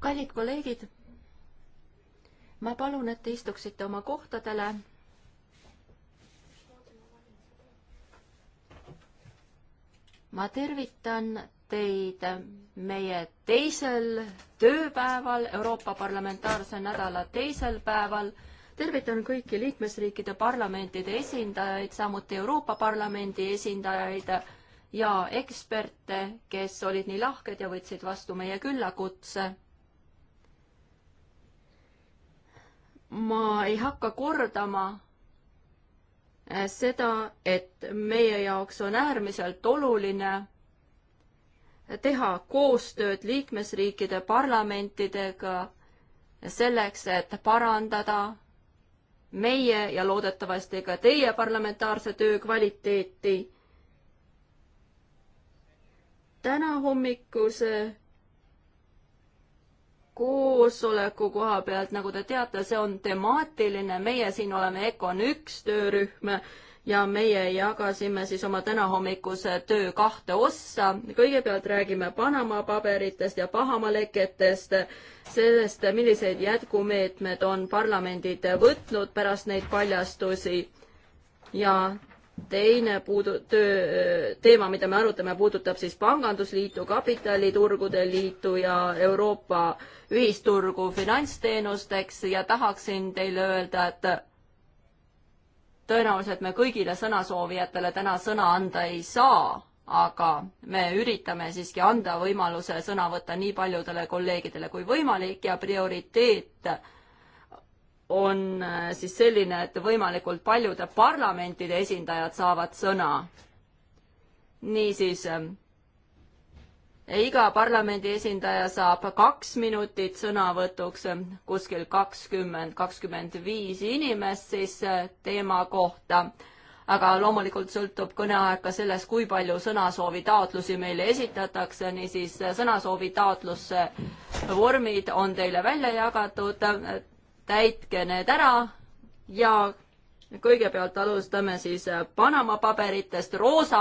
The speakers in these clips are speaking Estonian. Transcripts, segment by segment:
kallid kolleegid, ma palun, et te istuksite oma kohtadele. ma tervitan teid meie teisel tööpäeval, Euroopa Parlamentaarse nädala teisel päeval. tervitan kõiki liikmesriikide parlamentide esindajaid, samuti Euroopa Parlamendi esindajaid ja eksperte, kes olid nii lahked ja võtsid vastu meie küllakutse. ma ei hakka kordama eh, seda, et meie jaoks on äärmiselt oluline teha koostööd liikmesriikide parlamentidega selleks, et parandada meie ja loodetavasti ka teie parlamentaarse töö kvaliteeti täna hommikuse koosoleku koha pealt, nagu te teate, see on temaatiline, meie siin oleme Econ üks töörühm ja meie jagasime siis oma tänahommikuse töö kahte ossa. kõigepealt räägime Panama paberitest ja pahamaleketest, sellest, milliseid jätkumeetmed on parlamendid võtnud pärast neid paljastusi ja teine puudu-, töö, teema, mida me arutame, puudutab siis Pangandusliitu, Kapitaliturgude Liitu ja Euroopa ühisturgu finantsteenusteks ja tahaksin teile öelda, et tõenäoliselt me kõigile sõnasoovijatele täna sõna anda ei saa, aga me üritame siiski anda võimaluse sõna võtta nii paljudele kolleegidele kui võimalik ja prioriteet on äh, siis selline, et võimalikult paljude parlamentide esindajad saavad sõna. niisiis, ähm, iga parlamendi esindaja saab kaks minutit sõnavõtuks, ähm, kuskil kakskümmend, kakskümmend viis inimest siis äh, teema kohta. aga loomulikult sõltub kõneaeg ka sellest, kui palju sõnasoovi taotlusi meile esitatakse, niisiis sõnasoovi taotlusse vormid on teile välja jagatud täitke need ära ja kõigepealt alustame siis Panama paberitest. roosa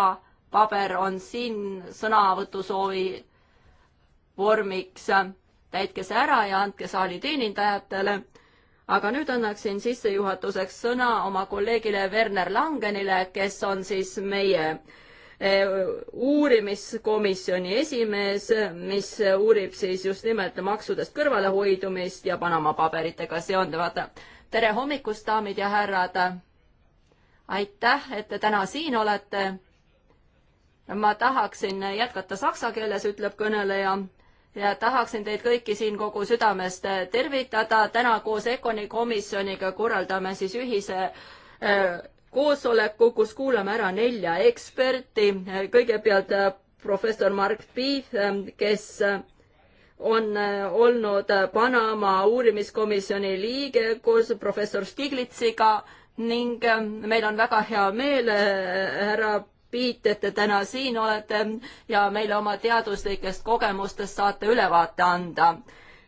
paber on siin sõnavõtusoovi vormiks. täitke see ära ja andke saali teenindajatele. aga nüüd annaksin sissejuhatuseks sõna oma kolleegile Werner Langenile, kes on siis meie äh, uurimiskomisjoni esimees, mis uurib siis just nimelt maksudest kõrvalehoidumist ja Panama paberitega seonduvat. tere hommikust, daamid ja härrad! aitäh, et te täna siin olete. ma tahaksin jätkata saksa keeles, ütleb kõneleja ja tahaksin teid kõiki siin kogu südamest tervitada. täna koos Econi komisjoniga korraldame siis ühise äh, koosoleku, kus kuulame ära nelja eksperti. kõigepealt äh, professor Mark Piif, ähm, kes äh, on äh, olnud Panama uurimiskomisjoni liige koos professor Stiglitsiga ning ähm, meil on väga hea meel, härra Piit, et te täna siin olete ja meile oma teaduslikest kogemustest saate ülevaate anda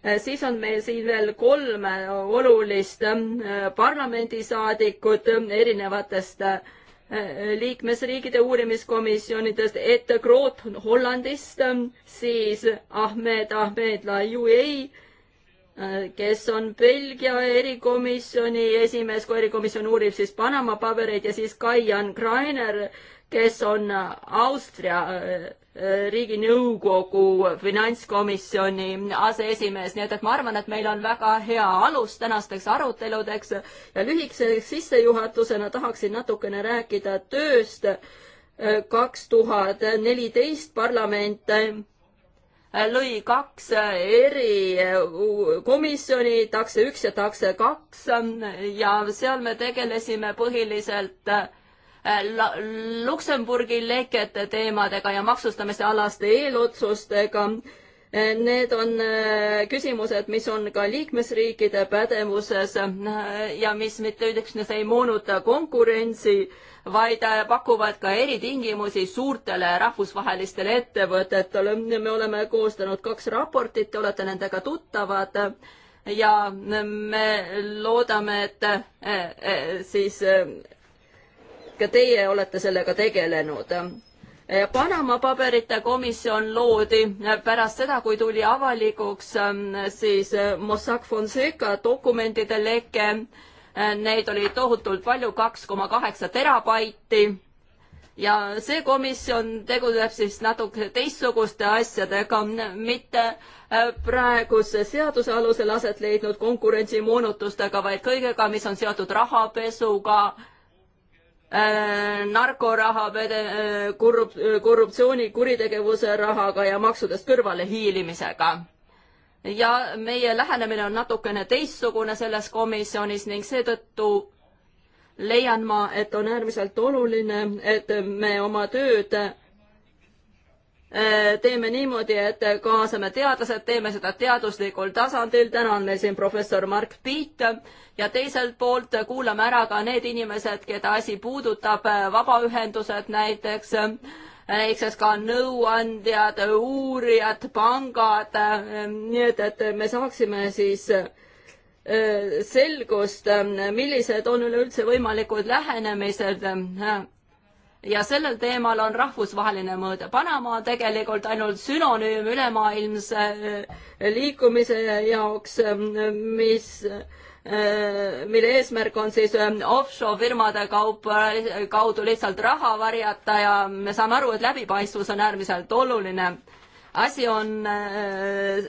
Äh, siis on meil siin veel kolm äh, olulist äh, parlamendisaadikut erinevatest liikmesriikide uurimiskomisjonidest, Ette Groot Hollandist, siis Ahmed Ahmed Laiui, kes on Belgia erikomisjoni esimees, kui erikomisjon uurib siis Panama pabereid ja siis Kai-Jan Kreiner, kes on Austria äh, äh, riiginõukogu finantskomisjoni aseesimees, nii et, et ma arvan, et meil on väga hea alus tänasteks aruteludeks ja lühikeseks sissejuhatusena tahaksin natukene rääkida tööst äh, kaks tuhat neliteist parlament lõi kaks eri komisjoni, takse üks ja takse kaks ja seal me tegelesime põhiliselt äh, Äh, Luksemburgi lekete teemadega ja maksustamise alaste eelotsustega. Äh, need on äh, küsimused, mis on ka liikmesriikide pädevuses ja mis mitte üksnes ei moonuta konkurentsi, vaid pakuvad ka eritingimusi suurtele rahvusvahelistele ettevõtetele. me oleme koostanud kaks raportit, te olete nendega tuttavad ja me loodame, et siis ka teie olete sellega tegelenud. Panama paberite komisjon loodi pärast seda, kui tuli avalikuks ähm, siis äh, Mossack Fonseca dokumentide leke. Äh, neid oli tohutult palju, kaks koma kaheksa terabaiti ja see komisjon tegutseb siis natuke teistsuguste asjadega, mitte äh, praeguse seaduse alusel aset leidnud konkurentsimoonutustega, vaid kõigega, mis on seotud rahapesuga Äh, narkoraha, äh, korrup-, äh, korruptsiooni, kuritegevuse rahaga ja maksudest kõrvalehiilimisega. ja meie lähenemine on natukene teistsugune selles komisjonis ning seetõttu leian ma, et on äärmiselt oluline, et me oma tööd Äh, teeme niimoodi, et kaasame teadlased, teeme seda teaduslikul tasandil, täna on meil siin professor Mark Piit ja teiselt poolt kuulame ära ka need inimesed, keda asi puudutab, äh, vabaühendused näiteks, näiteks äh, ka nõuandjad, uurijad, pangad, nii et, et me saaksime siis selgust, millised on üleüldse võimalikud lähenemised ja sellel teemal on rahvusvaheline mõõde. Panama on tegelikult ainult sünonüüm ülemaailmse äh, liikumise jaoks, ähm, mis äh, mille eesmärk on siis ähm, offshore firmade kaup, äh, kaudu lihtsalt raha varjata ja me saame aru, et läbipaistvus on äärmiselt oluline asi on äh, äh,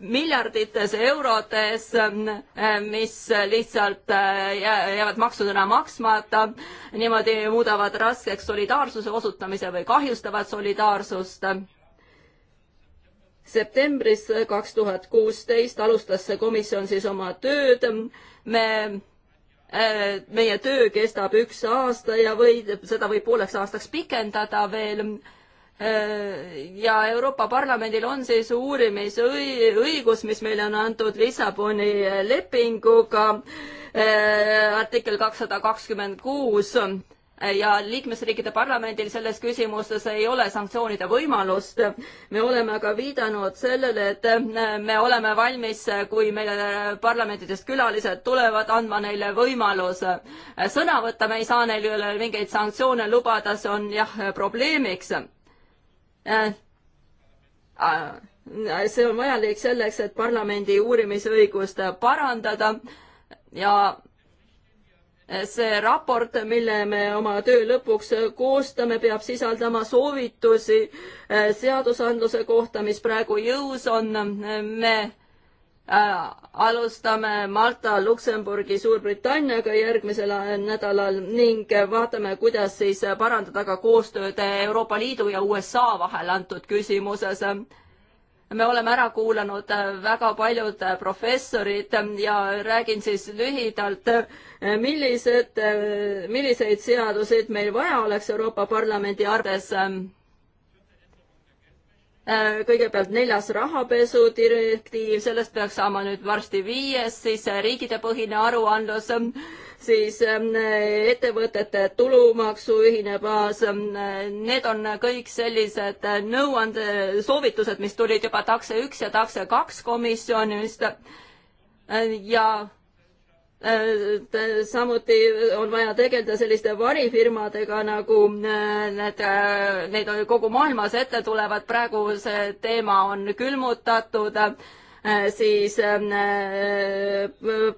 miljardites eurodes, äh, mis lihtsalt jäävad maksudena maksmata, niimoodi muudavad raskeks solidaarsuse osutamise või kahjustavad solidaarsust septembris kaks tuhat kuusteist alustas see komisjon siis oma tööd. me, meie töö kestab üks aasta ja või seda võib pooleks aastaks pikendada veel Äh, ja Euroopa Parlamendil on siis uurimisõigus, mis meile on antud Lissaboni äh, lepinguga, äh, artikkel kakssada kakskümmend kuus ja liikmesriikide parlamendil selles küsimuses ei ole sanktsioonide võimalust. me oleme aga viidanud sellele, et me oleme valmis, kui meile parlamentidest külalised tulevad, andma neile võimaluse sõna võtta, me ei saa neile mingeid sanktsioone lubada, see on jah probleemiks Äh, äh, see on vajalik selleks, et parlamendi uurimisõigust parandada ja see raport, mille me oma töö lõpuks koostame, peab sisaldama soovitusi äh, seadusandluse kohta, mis praegu jõus on. me alustame Malta, Luksemburgi, Suurbritanniaga järgmisel nädalal ning vaatame, kuidas siis parandada ka koostööd Euroopa Liidu ja USA vahel antud küsimuses. me oleme ära kuulanud väga paljud professorid ja räägin siis lühidalt, millised, milliseid seaduseid meil vaja oleks Euroopa Parlamendi arves Äh, kõigepealt neljas rahapesudirektiiv, sellest peaks saama nüüd varsti viies, siis äh, riigidepõhine aruandlus, ähm, siis ähm, ettevõtete tulumaksu ühine baas, ähm, need on kõik sellised äh, nõuande, soovitused, mis tulid juba takse üks ja takse kaks komisjonist ja Äh, äh, samuti on vaja tegeleda selliste varifirmadega nagu äh, need, neid kogu maailmas ette tulevad, praegu see teema on külmutatud, siis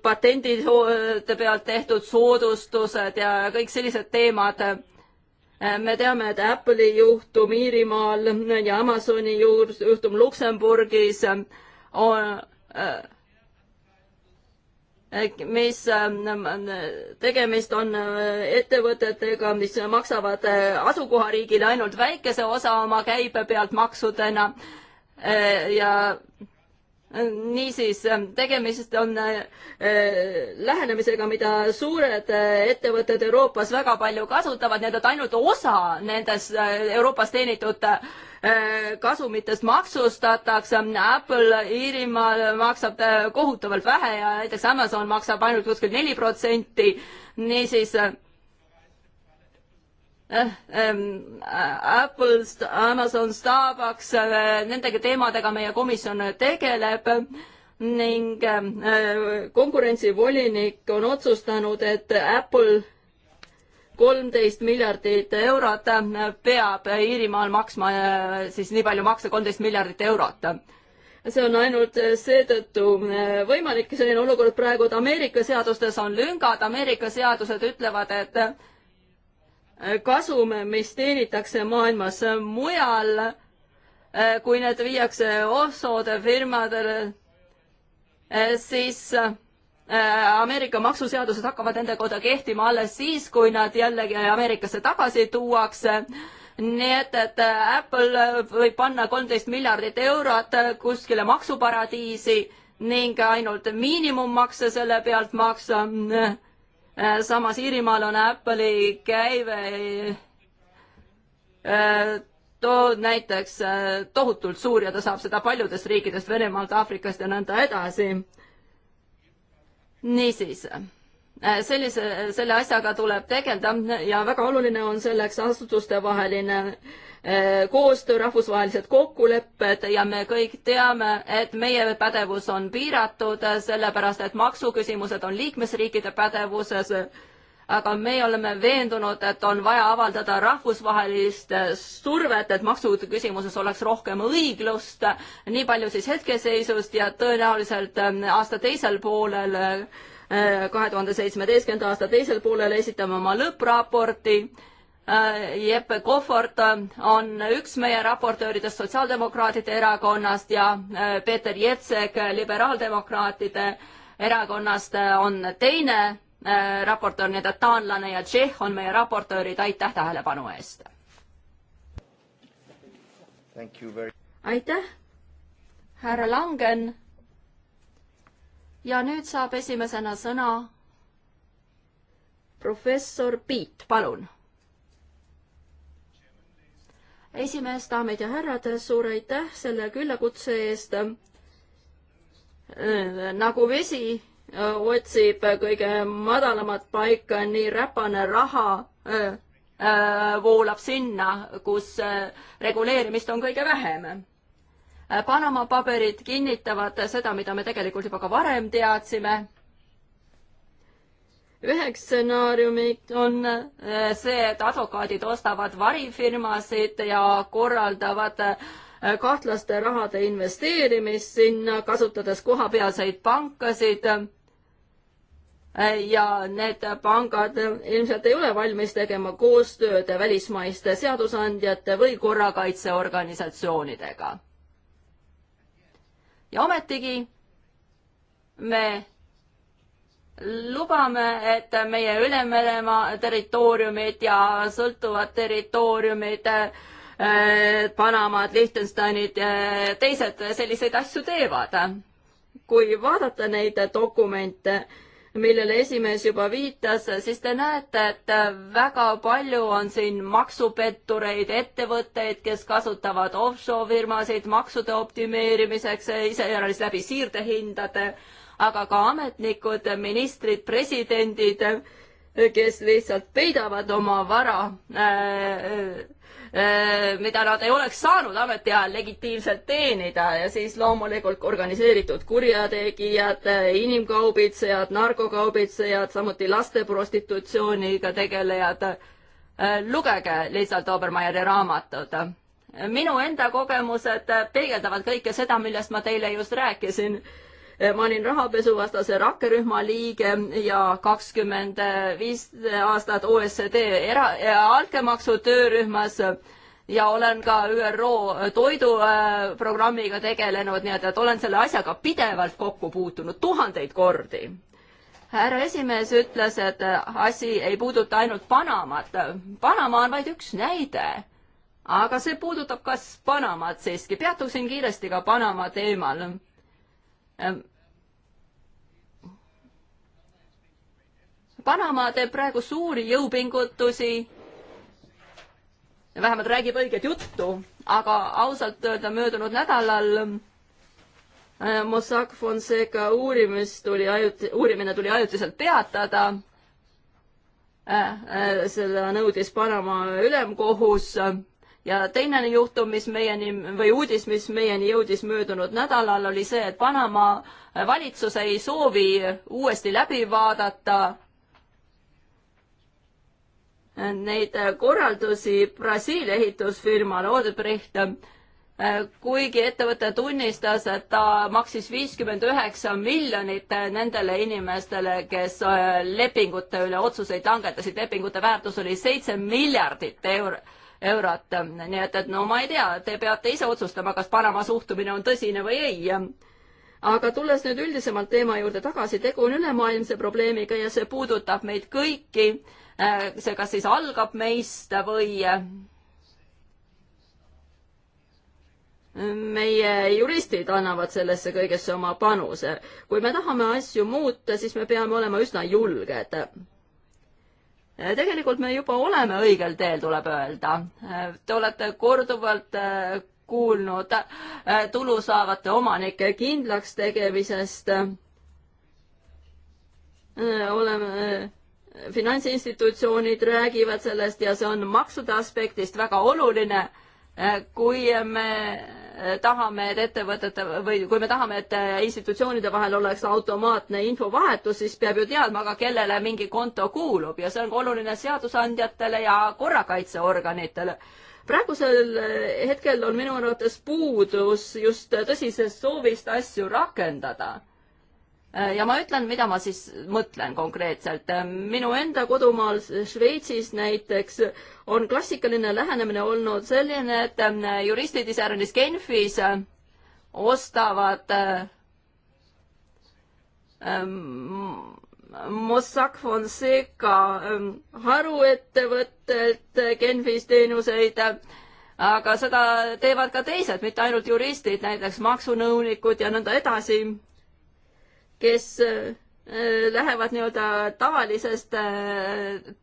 patendide pealt tehtud soodustused ja kõik sellised teemad me teame, et Apple'i juhtum Iirimaal ja Amazoni juhtum Luksemburgis on äh, mis, ähm, tegemist on äh, ettevõtetega, mis maksavad äh, asukohariigile ainult väikese osa oma käibe pealt maksudena äh, ja niisiis, ähm, tegemist on äh, äh, lähenemisega, mida suured äh, ettevõtted Euroopas väga palju kasutavad, need on ainult osa nendest Euroopas teenitud kasumitest maksustatakse, Apple Iirimaal maksab kohutavalt vähe ja näiteks Amazon maksab ainult kuskil neli protsenti, niisiis Äh, ähm, äh, Apple, Amazon, Starbucks, äh, nendega teemadega meie komisjon tegeleb ning ähm, konkurentsivolinik on otsustanud, et Apple kolmteist miljardit eurot peab Iirimaal maksma siis nii palju makse, kolmteist miljardit eurot. see on ainult seetõttu võimalik, selline olukord praegu, et Ameerika seadustes on lüngad, Ameerika seadused ütlevad, et kasum, mis teenitakse maailmas mujal, eh, kui need viiakse offshore firmadele, eh, siis eh, Ameerika maksuseadused hakkavad nende kohta kehtima alles siis, kui nad jällegi Ameerikasse tagasi tuuakse. nii et, et Apple võib panna kolmteist miljardit eurot kuskile maksuparadiisi ning ainult miinimummakse selle pealt maksa Äh, samas Iirimaal on Apple'i käive äh, tood näiteks äh, tohutult suur ja ta saab seda paljudest riikidest, Venemaalt, Aafrikast ja nõnda edasi. niisiis Äh, sellise, selle asjaga tuleb tegeleda ja väga oluline on selleks asutustevaheline äh, koostöö, rahvusvahelised kokkulepped ja me kõik teame, et meie pädevus on piiratud, sellepärast et maksuküsimused on liikmesriikide pädevuses. aga meie oleme veendunud, et on vaja avaldada rahvusvahelist äh, survet, et maksuküsimuses oleks rohkem õiglust. nii palju siis hetkeseisust ja tõenäoliselt aasta teisel poolel Äh, kahe tuhande seitsmeteistkümnenda aasta teisel poolel esitame oma lõppraporti. Äh, Jeppe Kohvort on üks meie raportööridest Sotsiaaldemokraatide erakonnast ja äh, Peeter Jetsek Liberaaldemokraatide erakonnast on teine raportöör, nii et taanlane ja Tšehh on meie raportöörid, aitäh tähelepanu eest! aitäh, härra Langen ja nüüd saab esimesena sõna professor Piit, palun. esimees, daamid ja härrad, suur aitäh selle küllakutse eest. Äh, nagu vesi äh, otsib kõige madalamat paika, nii räpane raha öö, äh, öö, voolab sinna, kus reguleerimist on kõige vähem Äh, Panama paberid kinnitavad seda, mida me tegelikult juba ka varem teadsime. üheks stsenaariumiks on äh, see, et advokaadid ostavad varifirmasid ja korraldavad äh, kahtlaste rahade investeerimist sinna, kasutades kohapealseid pankasid ja need pangad ilmselt ei ole valmis tegema koostööd välismaiste seadusandjate või korrakaitseorganisatsioonidega ja ometigi me lubame, et meie Ülemeremaa territooriumid ja sõltuvad territooriumid äh, Panamad, Liechtensteinid, äh, teised selliseid asju teevad. kui vaadata neid dokumente, millele esimees juba viitas, siis te näete, et väga palju on siin maksupettureid, ettevõtteid, kes kasutavad offshore firmasid maksude optimeerimiseks, iseäranis läbi siirdehindade, aga ka ametnikud, ministrid, presidendid kes lihtsalt peidavad oma vara, äh, äh, mida nad ei oleks saanud ametiajal legitiimselt teenida ja siis loomulikult organiseeritud kurjategijad, äh, inimkaubitsejad, narkokaubitsejad, samuti laste prostitutsiooniga tegelejad. lugege lihtsalt Obermeieri raamatut minu enda kogemused peegeldavad kõike seda, millest ma teile just rääkisin Eh, ma olin rahapesuvastase rakkerühma liige ja kakskümmend viis aastat OECD era-, altkäemaksu töörühmas ja olen ka ÜRO toiduprogrammiga eh, tegelenud, nii et, et olen selle asjaga pidevalt kokku puutunud, tuhandeid kordi. härra esimees ütles, et asi ei puuduta ainult Panamat. Panama on vaid üks näide aga see puudutab ka Panamat siiski. peatuksin kiiresti ka Panama teemal. Ähm, Panama teeb praegu suuri jõupingutusi, vähemalt räägib õiget juttu, aga ausalt öelda möödunud nädalal äh, Mossack Fonseca uurimis tuli ajuti-, uurimine tuli ajutiselt peatada äh,. Äh, seda nõudis Panama ülemkohus äh, ja teine juhtum, mis meieni või uudis, mis meieni jõudis möödunud nädalal, oli see, et Panama valitsus ei soovi uuesti läbi vaadata neid korraldusi Brasiilia ehitusfirmale Odebrecht, kuigi ettevõte tunnistas, et ta maksis viiskümmend üheksa miljonit nendele inimestele, kes äh, lepingute üle otsuseid langetasid, lepingute väärtus oli seitse miljardit eurot eurot. nii et, et no ma ei tea, te peate ise otsustama, kas Panama suhtumine on tõsine või ei. aga tulles nüüd üldisemalt teema juurde tagasi, tegu on ülemaailmse probleemiga ja see puudutab meid kõiki. see kas siis algab meist või meie juristid annavad sellesse kõigesse oma panuse. kui me tahame asju muuta, siis me peame olema üsna julged Äh, tegelikult me juba oleme õigel teel, tuleb öelda. Äh, te olete korduvalt äh, kuulnud tulu saavate omanike kindlaks tegemisest. oleme, finantsinstitutsioonid räägivad sellest ja see on maksude aspektist väga oluline. kui me tahame, et ettevõtete või kui me tahame, et institutsioonide vahel oleks automaatne infovahetus, siis peab ju teadma ka, kellele mingi konto kuulub ja see on oluline seadusandjatele ja korrakaitseorganitele. praegusel eh, hetkel on minu arvates puudus just tõsisest soovist asju rakendada Äh, ja ma ütlen, mida ma siis mõtlen konkreetselt. Äh, minu enda kodumaal Šveitsis näiteks on klassikaline lähenemine olnud selline, et äh, juristid iseäranis Genfis ostavad ähm, Mossack Fonseca ähm, haruettevõttelt Genfis teenuseid aga seda teevad ka teised, mitte ainult juristid, näiteks maksunõunikud ja nõnda edasi kes äh, lähevad nii-öelda tavalisest äh,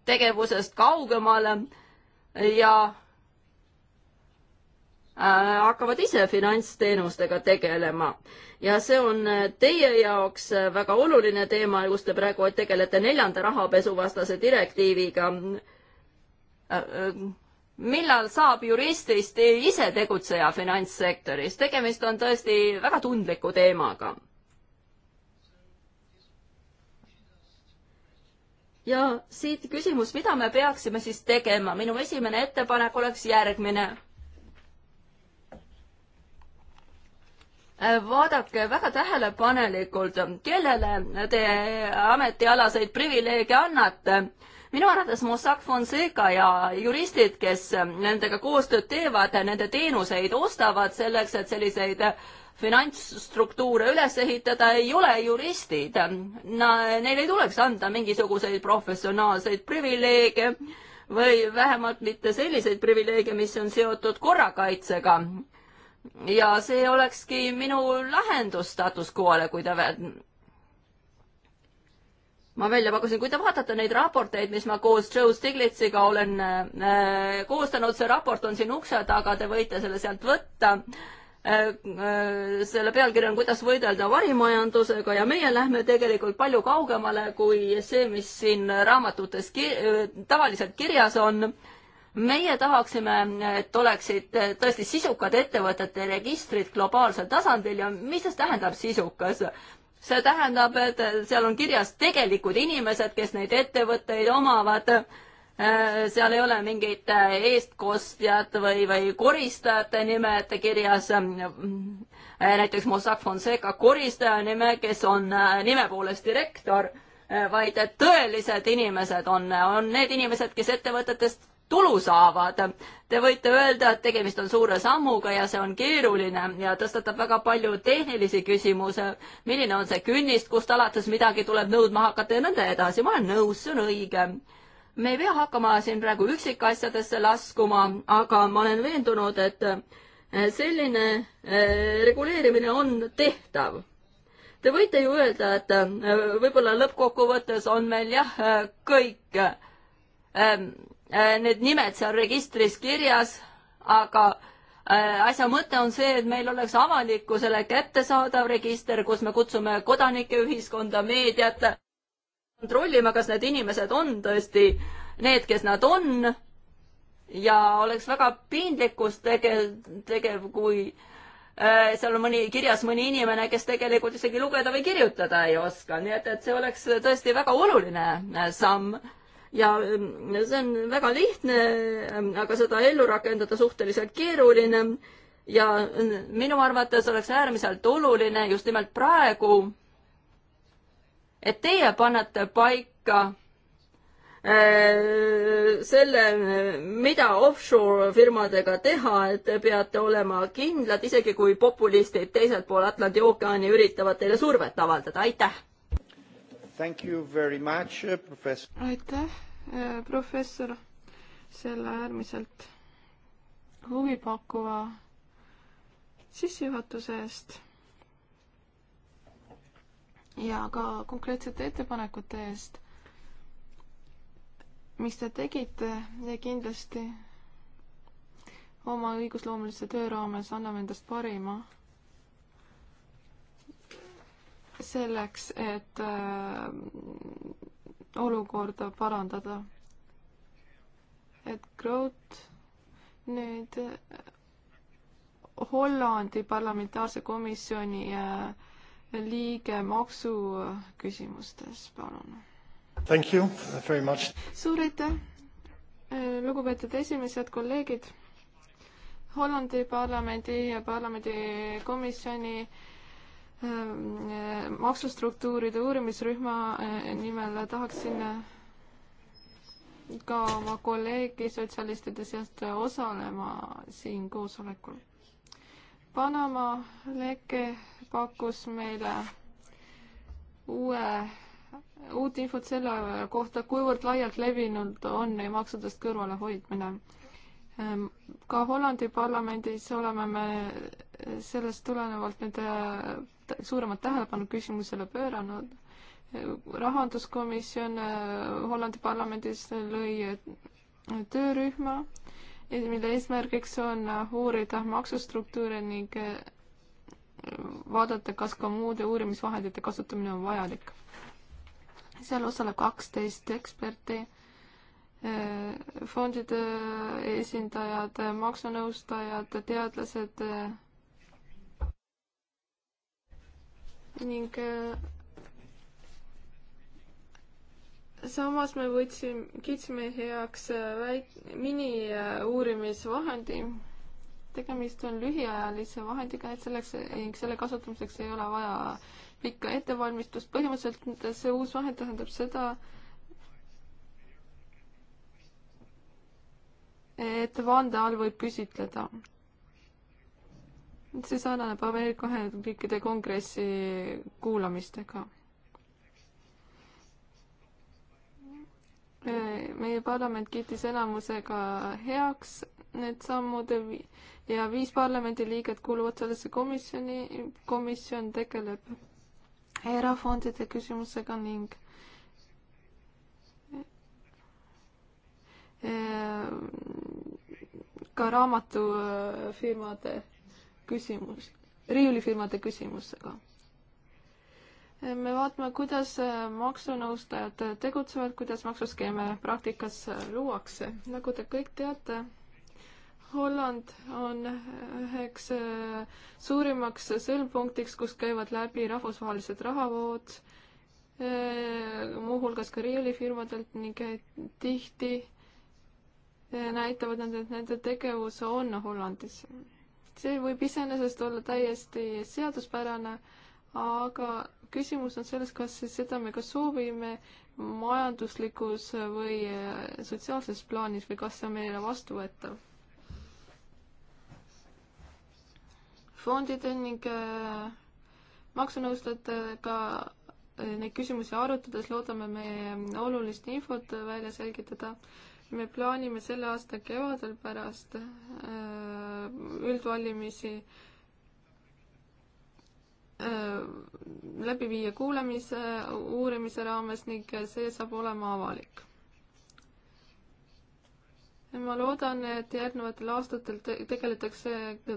tegevusest kaugemale ja äh, hakkavad ise finantsteenustega tegelema. ja see on teie jaoks väga oluline teema, kus te praegu tegelete neljanda rahapesuvastase direktiiviga. millal saab juristist ise tegutseja finantssektoris? tegemist on tõesti väga tundliku teemaga ja siit küsimus, mida me peaksime siis tegema, minu esimene ettepanek oleks järgmine. Äh, vaadake väga tähelepanelikult, kellele te ametialaseid privileege annate minu arvates Mossack Fonseca ja juristid, kes ähm, nendega koostööd teevad, nende teenuseid ostavad selleks, et selliseid äh, finantsstruktuure üles ehitada, ei ole juristid. Neile ei tuleks anda mingisuguseid professionaalseid privileege või vähemalt mitte selliseid privileege, mis on seotud korrakaitsega ja see olekski minu lahendus status quo'le, kui te ma välja pakkusin, kui te vaatate neid raporteid, mis ma koos Joe Stiglitsiga olen äh, koostanud, see raport on siin ukse taga, te võite selle sealt võtta äh,. Äh, selle pealkiri on Kuidas võidelda varimajandusega ja meie lähme tegelikult palju kaugemale kui see, mis siin raamatutes ki äh, tavaliselt kirjas on meie tahaksime, et oleksid äh, tõesti sisukad ettevõtete registrid globaalsel tasandil ja mis see tähendab sisukas? see tähendab, et seal on kirjas tegelikud inimesed, kes neid ettevõtteid omavad. seal ei ole mingit eestkostjat või, või koristajate nimed kirjas. näiteks Mossack Fonseca koristaja nime, kes on nime poolest direktor, vaid tõelised inimesed on, on need inimesed, kes ettevõtetest tulu saavad. Te võite öelda, et tegemist on suure sammuga ja see on keeruline ja tõstatab väga palju tehnilisi küsimusi. milline on see künnist, kust alates midagi tuleb nõudma hakata ja nõnda edasi. ma olen nõus, see on õige. me ei pea hakkama siin praegu üksikasjadesse laskuma, aga ma olen veendunud, et selline eh, reguleerimine on tehtav Te võite ju öelda, et eh, võib-olla lõppkokkuvõttes on meil jah, kõik ähm, Äh, need nimed seal registris kirjas, aga äh, asja mõte on see, et meil oleks avalikkusele kättesaadav register, kus me kutsume kodanike ühiskonda, meediat kontrollima, kas need inimesed on tõesti need, kes nad on. ja oleks väga piinlikkus tegev, tegev, kui äh, seal on mõni, kirjas mõni inimene, kes tegelikult isegi lugeda või kirjutada ei oska, nii et, et see oleks tõesti väga oluline äh, samm ja ähm, see on väga lihtne, ähm, aga seda ellu rakendada suhteliselt keeruline. ja ähm, minu arvates oleks äärmiselt oluline just nimelt praegu, et teie panete paika äh, selle, mida offshore firmadega teha, et te peate olema kindlad, isegi kui populistid teisel pool Atlandi ookeani üritavad teile survet avaldada, aitäh Much, uh, aitäh, äh, professor, selle äärmiselt huvipakkuva sissejuhatuse eest ja ka konkreetsete ettepanekute eest, mis te tegite ja kindlasti oma õigusloomelise töö raames anname endast parima selleks, et äh, olukorda parandada. et Groot nüüd äh, Hollandi parlamentaarse komisjoni äh, liige maksuküsimustes, palun. Thank you very much. suur aitäh, lugupeetud esimesed kolleegid. Hollandi parlamendi ja parlamendikomisjoni äh, Ehm, maksustruktuuride uurimisrühma eh, nimel tahaksin eh, ka oma kolleegi sotsialistide seast osalema siin koosolekul. Panama leke pakkus meile uue, uut infot selle kohta, kuivõrd laialt levinud on maksudest kõrvalehoidmine ehm, ka Hollandi parlamendis oleme me sellest tulenevalt nüüd eh, suuremat tähelepanu küsimusele pööranud. rahanduskomisjon äh, Hollandi parlamendis lõi äh, töörühma, e-, mille eesmärgiks on äh, uurida maksustruktuure ning vaadata, kas ka muude uurimisvahendite kasutamine on vajalik. seal osaleb kaksteist eksperti, fondide esindajad, maksunõustajad, teadlased ning äh, samas me võtsime, kiitsime heaks äh, väik-, mini-uurimisvahendi. Äh, tegemist on lühiajalise vahendiga, et selleks ning selle kasutamiseks ei ole vaja pikka ettevalmistust. põhimõtteliselt see uus vahend tähendab seda, et vande all võib küsitleda see sarnaneb Ameerika Ühendriikide kongressi kuulamistega. Äh, meie parlament kiitis enamusega heaks need sammud ja viis parlamendiliiget kuuluvad sellesse komisjoni, komisjon tegeleb erafondide küsimusega ning äh, ka raamatufirmade äh, küsimus, riiulifirmade küsimusega. me vaatame, kuidas maksunõustajad tegutsevad, kuidas maksuskeeme praktikas luuakse. nagu te kõik teate, Holland on üheks äh, suurimaks sõlmpunktiks, kus käivad läbi rahvusvahelised rahavood, äh, muuhulgas ka riiulifirmadelt ning äh, tihti näitavad nad, et nende tegevus on Hollandis see võib iseenesest olla täiesti seaduspärane, aga küsimus on selles, kas seda me ka soovime majanduslikus või eh, sotsiaalses plaanis või kas see on meile vastuvõetav. fondide ning eh, maksunõustajatega eh, neid küsimusi arutades loodame me olulist infot välja selgitada. me plaanime selle aasta kevadel pärast üldvalimisi äh, läbi viia kuulamise uurimise raames ning see saab olema avalik. ma loodan, et järgnevatel aastatel te tegeletakse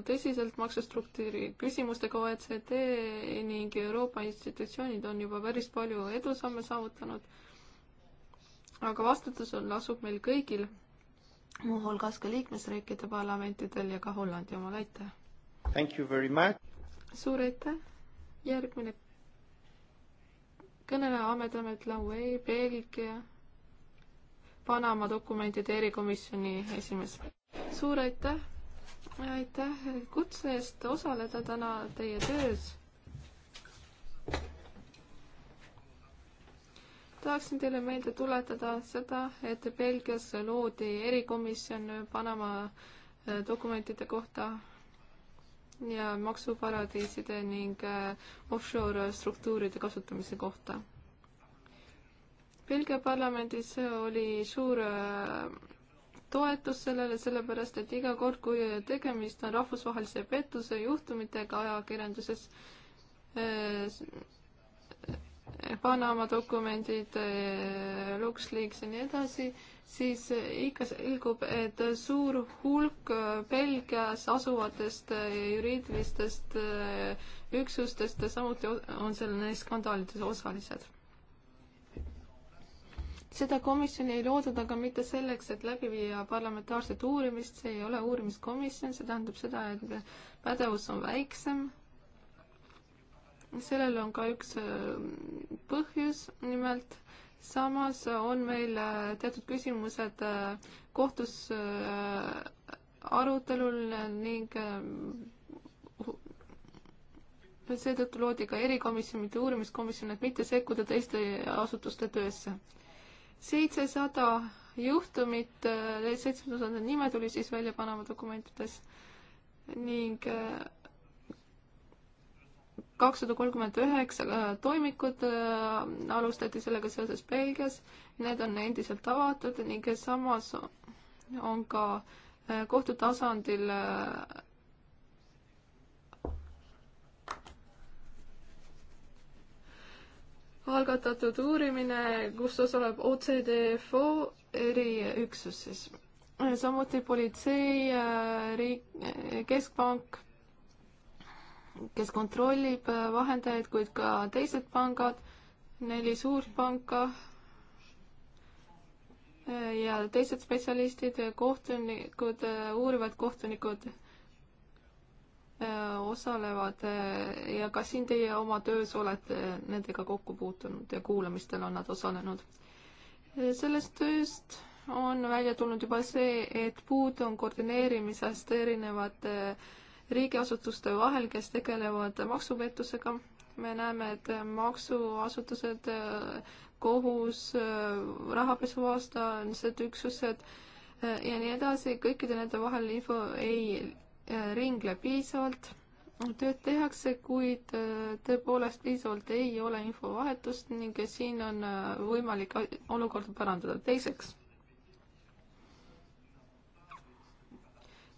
tõsiselt maksustruktuuri küsimustega OECD ning Euroopa institutsioonid on juba päris palju edusamme saavutanud. aga vastutus on, lasub meil kõigil muuhulgas ka liikmesriikide parlamentidel ja ka Hollandi omal, aitäh! Thank you very much! suur aitäh! järgmine kõneleja Ahmed Ahmed Laue, Belgia Panama dokumentide erikomisjoni esimees. suur aitäh! aitäh kutse eest osaleda täna teie töös tahaksin teile meelde tuletada seda, et Belgias loodi erikomisjon Panama äh, dokumentide kohta ja maksuparadiiside ning äh, offshore struktuuride kasutamise kohta. Belgia parlamendis oli suur äh, toetus sellele, sellepärast et iga kord, kui tegemist on rahvusvahelise pettuse juhtumitega ajakirjanduses, Panama dokumendid, LuxLeaks ja nii edasi, siis ikka selgub, et suur hulk Belgias asuvatest juriidilistest üksustest samuti on seal neis skandaalides osalised. seda komisjoni ei loodud aga mitte selleks, et läbi viia parlamentaarset uurimist, see ei ole uurimiskomisjon, see tähendab seda, et pädevus on väiksem sellel on ka üks äh, põhjus, nimelt samas on meil äh, teatud küsimused äh, kohtus arutelul ning seetõttu loodi ka erikomisjonide uurimiskomisjon, et mitte sekkuda teiste asutuste töösse. seitsesada juhtumit, seitsmesada nime tuli siis välja Panama dokumentides ning kakssada kolmkümmend üheksa äh, toimikut äh, alustati sellega seoses Belgias, need on endiselt avatud ning samas on ka äh, kohtu tasandil algatatud uurimine, kus osaleb OCDFO eriüksus siis. samuti politsei, riik, keskpank kes kontrollib äh, vahendajaid, kuid ka teised pangad, neli suurt panka äh, ja teised spetsialistid, kohtunikud, äh, uurivad kohtunikud osalevad ja kas siin teie oma töös olete nendega kokku puutunud ja kuulamistel on nad osalenud? sellest tööst on välja tulnud juba see, et puudu on koordineerimisest erinevate äh, riigiasutuste vahel, kes tegelevad maksupettusega. me näeme, et maksuasutused, kohus, rahapesuvastased üksused eh, ja nii edasi, kõikide nende vahel info ei eh, ringle piisavalt. tööd tehakse, kuid eh, tõepoolest piisavalt ei ole infovahetust ning siin on võimalik olukorda parandada. teiseks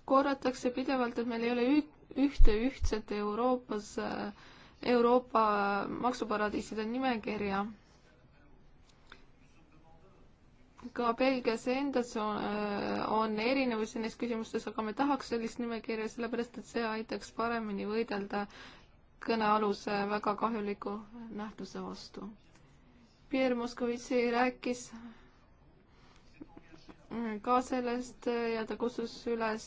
korratakse pidevalt, et meil ei ole ühte ühtset Euroopas, Euroopa maksuparadiiside nimekirja. ka Belgias endas on, on erinevusi neis küsimustes, aga me tahaks sellist nimekirja, sellepärast et see aitaks paremini võidelda kõnealuse väga kahjuliku nähtuse vastu. Pierre Moskovitši rääkis ka sellest ja ta kutsus üles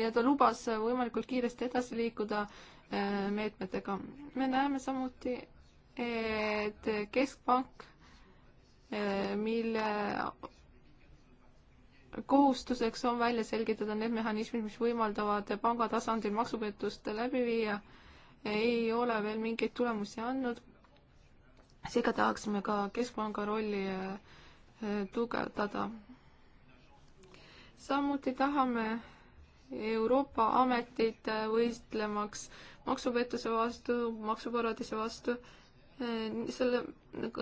ja ta lubas võimalikult kiiresti edasi liikuda äh, meetmetega. me näeme samuti, et keskpank, äh, mille kohustuseks on välja selgitada need mehhanismid, mis võimaldavad panga tasandil maksupettust läbi viia, ei ole veel mingeid tulemusi andnud. seega tahaksime ka keskpanga rolli äh, tugevdada samuti tahame Euroopa ametit äh, võistlemaks maksupettuse vastu, maksuparadiisi vastu, äh, selle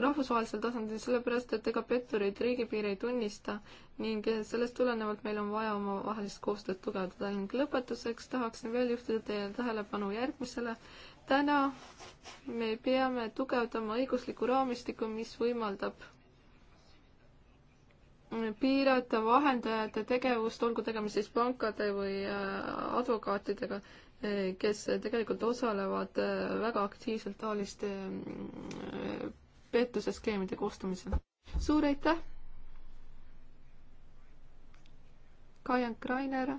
rahvusvahelisel tasandil, sellepärast et ega petturid riigipiiri ei tunnista ning äh, sellest tulenevalt meil on vaja omavahelist koostööd tugevdada ning lõpetuseks tahaksin veel juhtida teie tähelepanu järgmisele. täna me peame tugevdama õiguslikku raamistikku, mis võimaldab piirata vahendajate tegevust, olgu tegemist siis pankade või äh, advokaatidega, äh, kes tegelikult osalevad äh, väga aktiivselt taoliste pettuseskeemide koostamisel. suur aitäh! Kajan Kreiner,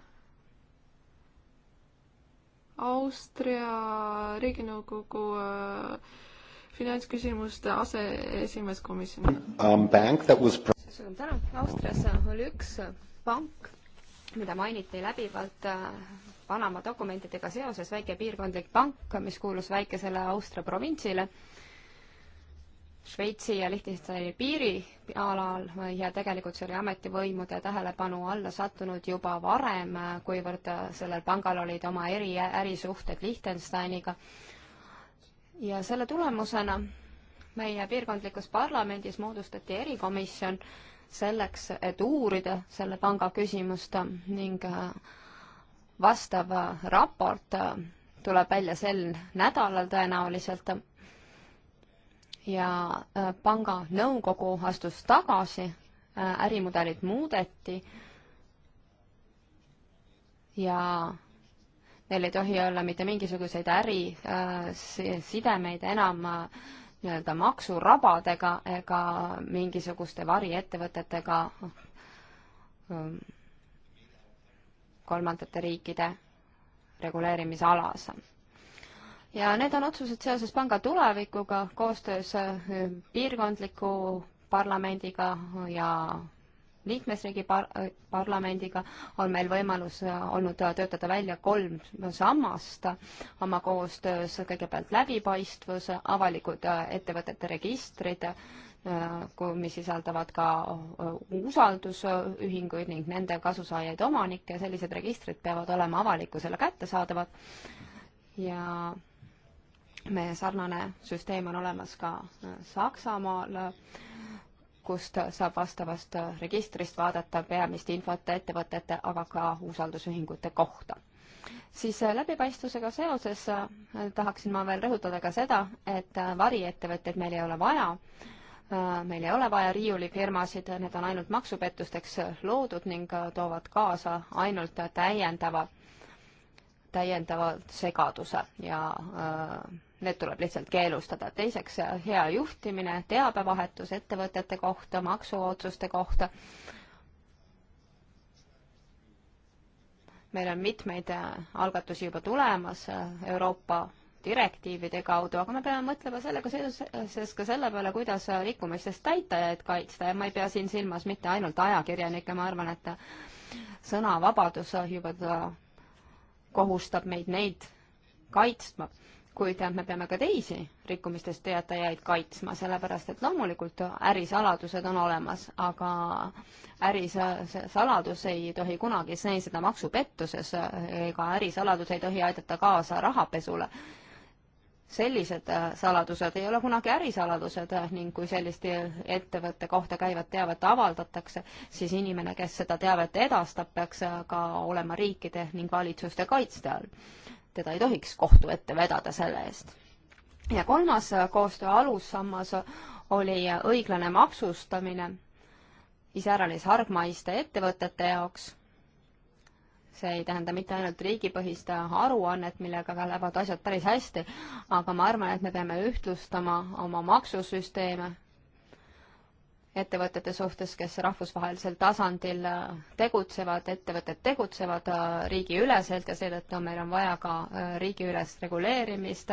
Austria riiginõukogu äh, finantsküsimuste aseesimees komisjoni um,. Was... suur tänu, Austrias oli üks pank, mida mainiti läbivalt äh, Panama dokumentidega seoses, väike piirkondlik pank, mis kuulus väikesele Austria provintsile, Šveitsi ja Liechtensteini piirialal ja tegelikult see oli ametivõimude tähelepanu alla sattunud juba varem, äh, kuivõrd äh, sellel pangal olid oma eri, ärisuhted Liechtensteiniga ja selle tulemusena meie piirkondlikus parlamendis moodustati erikomisjon selleks, et uurida selle panga küsimust ning äh, vastav äh, raport äh, tuleb välja sel nädalal tõenäoliselt. ja panga nõukogu astus tagasi, ärimudelid muudeti ja neil ei tohi olla mitte mingisuguseid ärisidemeid äh, enam äh, nii-öelda maksurabadega ega mingisuguste variettevõtetega ähm, kolmandate riikide reguleerimisalas. ja need on otsused seoses panga tulevikuga koostöös äh, piirkondliku parlamendiga ja liikmesriigi par-, parlamendiga on meil võimalus äh, olnud töötada välja kolm sammast oma koostöös, kõigepealt läbipaistvus, avalikud äh, ettevõtete registrid, äh, mis sisaldavad ka usaldusühinguid ning nende kasusaajaid omanikke, sellised registrid peavad olema avalikkusele kättesaadavad ja meie sarnane süsteem on olemas ka Saksamaal kust saab vastavast registrist vaadata peamist infot ettevõtete, aga ka usaldusühingute kohta. siis äh, läbipaistvusega seoses äh, tahaksin ma veel rõhutada ka seda, et äh, variettevõtteid meil ei ole vaja, meil ei ole vaja riiulifirmasid, need on ainult maksupettusteks loodud ning toovad kaasa ainult täiendava, täiendava segaduse ja öö, need tuleb lihtsalt keelustada. teiseks, hea juhtimine, teabevahetus ettevõtete kohta, maksuotsuste kohta. meil on mitmeid äh, algatusi juba tulemas äh, Euroopa direktiivide kaudu, aga me peame mõtlema sellega seoses ka selle peale, kuidas äh, rikkumistest täitajaid kaitsta ja ma ei pea siin silmas mitte ainult ajakirjanikke, ma arvan, et sõnavabadus juba kohustab meid neid kaitsma kuid me peame ka teisi rikkumistest teatajaid kaitsma, sellepärast et loomulikult ärisaladused on olemas, aga ärisaladus ei tohi kunagi seisneda maksupettuses ega ärisaladus ei tohi aidata kaasa rahapesule sellised saladused ei ole kunagi ärisaladused ning kui sellist ettevõtte kohta käivat teavet avaldatakse, siis inimene, kes seda teavet edastab, peaks ka olema riikide ning valitsuste kaitste all teda ei tohiks kohtu ette vedada selle eest. ja kolmas koostöö alussammas oli õiglane maksustamine iseäranis hargmaiste ettevõtete jaoks see ei tähenda mitte ainult riigipõhist aruannet, millega lähevad asjad päris hästi, aga ma arvan, et me peame ühtlustama oma maksusüsteeme ettevõtete suhtes, kes rahvusvahelisel tasandil äh, tegutsevad, ettevõtted tegutsevad äh, riigiüleselt ja seetõttu meil on vaja ka äh, riigiülest reguleerimist,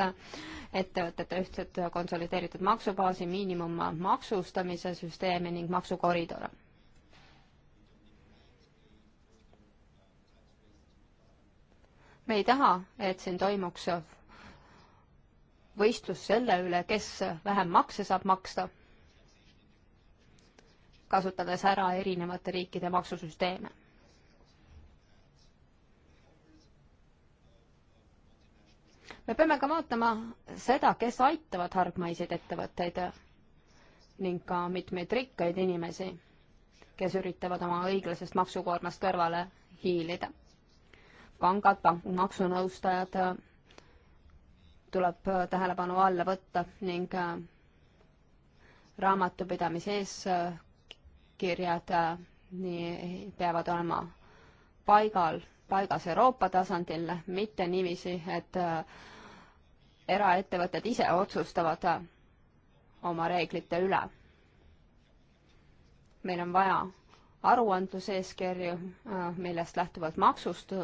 ettevõtete ühtset konsolideeritud maksubaasi, miinimummaksustamise süsteemi ning maksukoridore. me ei taha, et siin toimuks võistlus selle üle, kes vähem makse saab maksta kasutades ära erinevate riikide maksusüsteeme. me peame ka vaatama seda, kes aitavad hargmaiseid ettevõtteid ning ka mitmeid rikkaid inimesi, kes üritavad oma õiglasest maksukoormast kõrvale hiilida. pangad, maksunõustajad tuleb tähelepanu alla võtta ning raamatupidamise ees kirjad äh, nii peavad olema paigal, paigas Euroopa tasandil, mitte niiviisi, et äh, eraettevõtted ise otsustavad äh, oma reeglite üle. meil on vaja aruandluseeskirju, äh, millest lähtuvalt maksust, äh,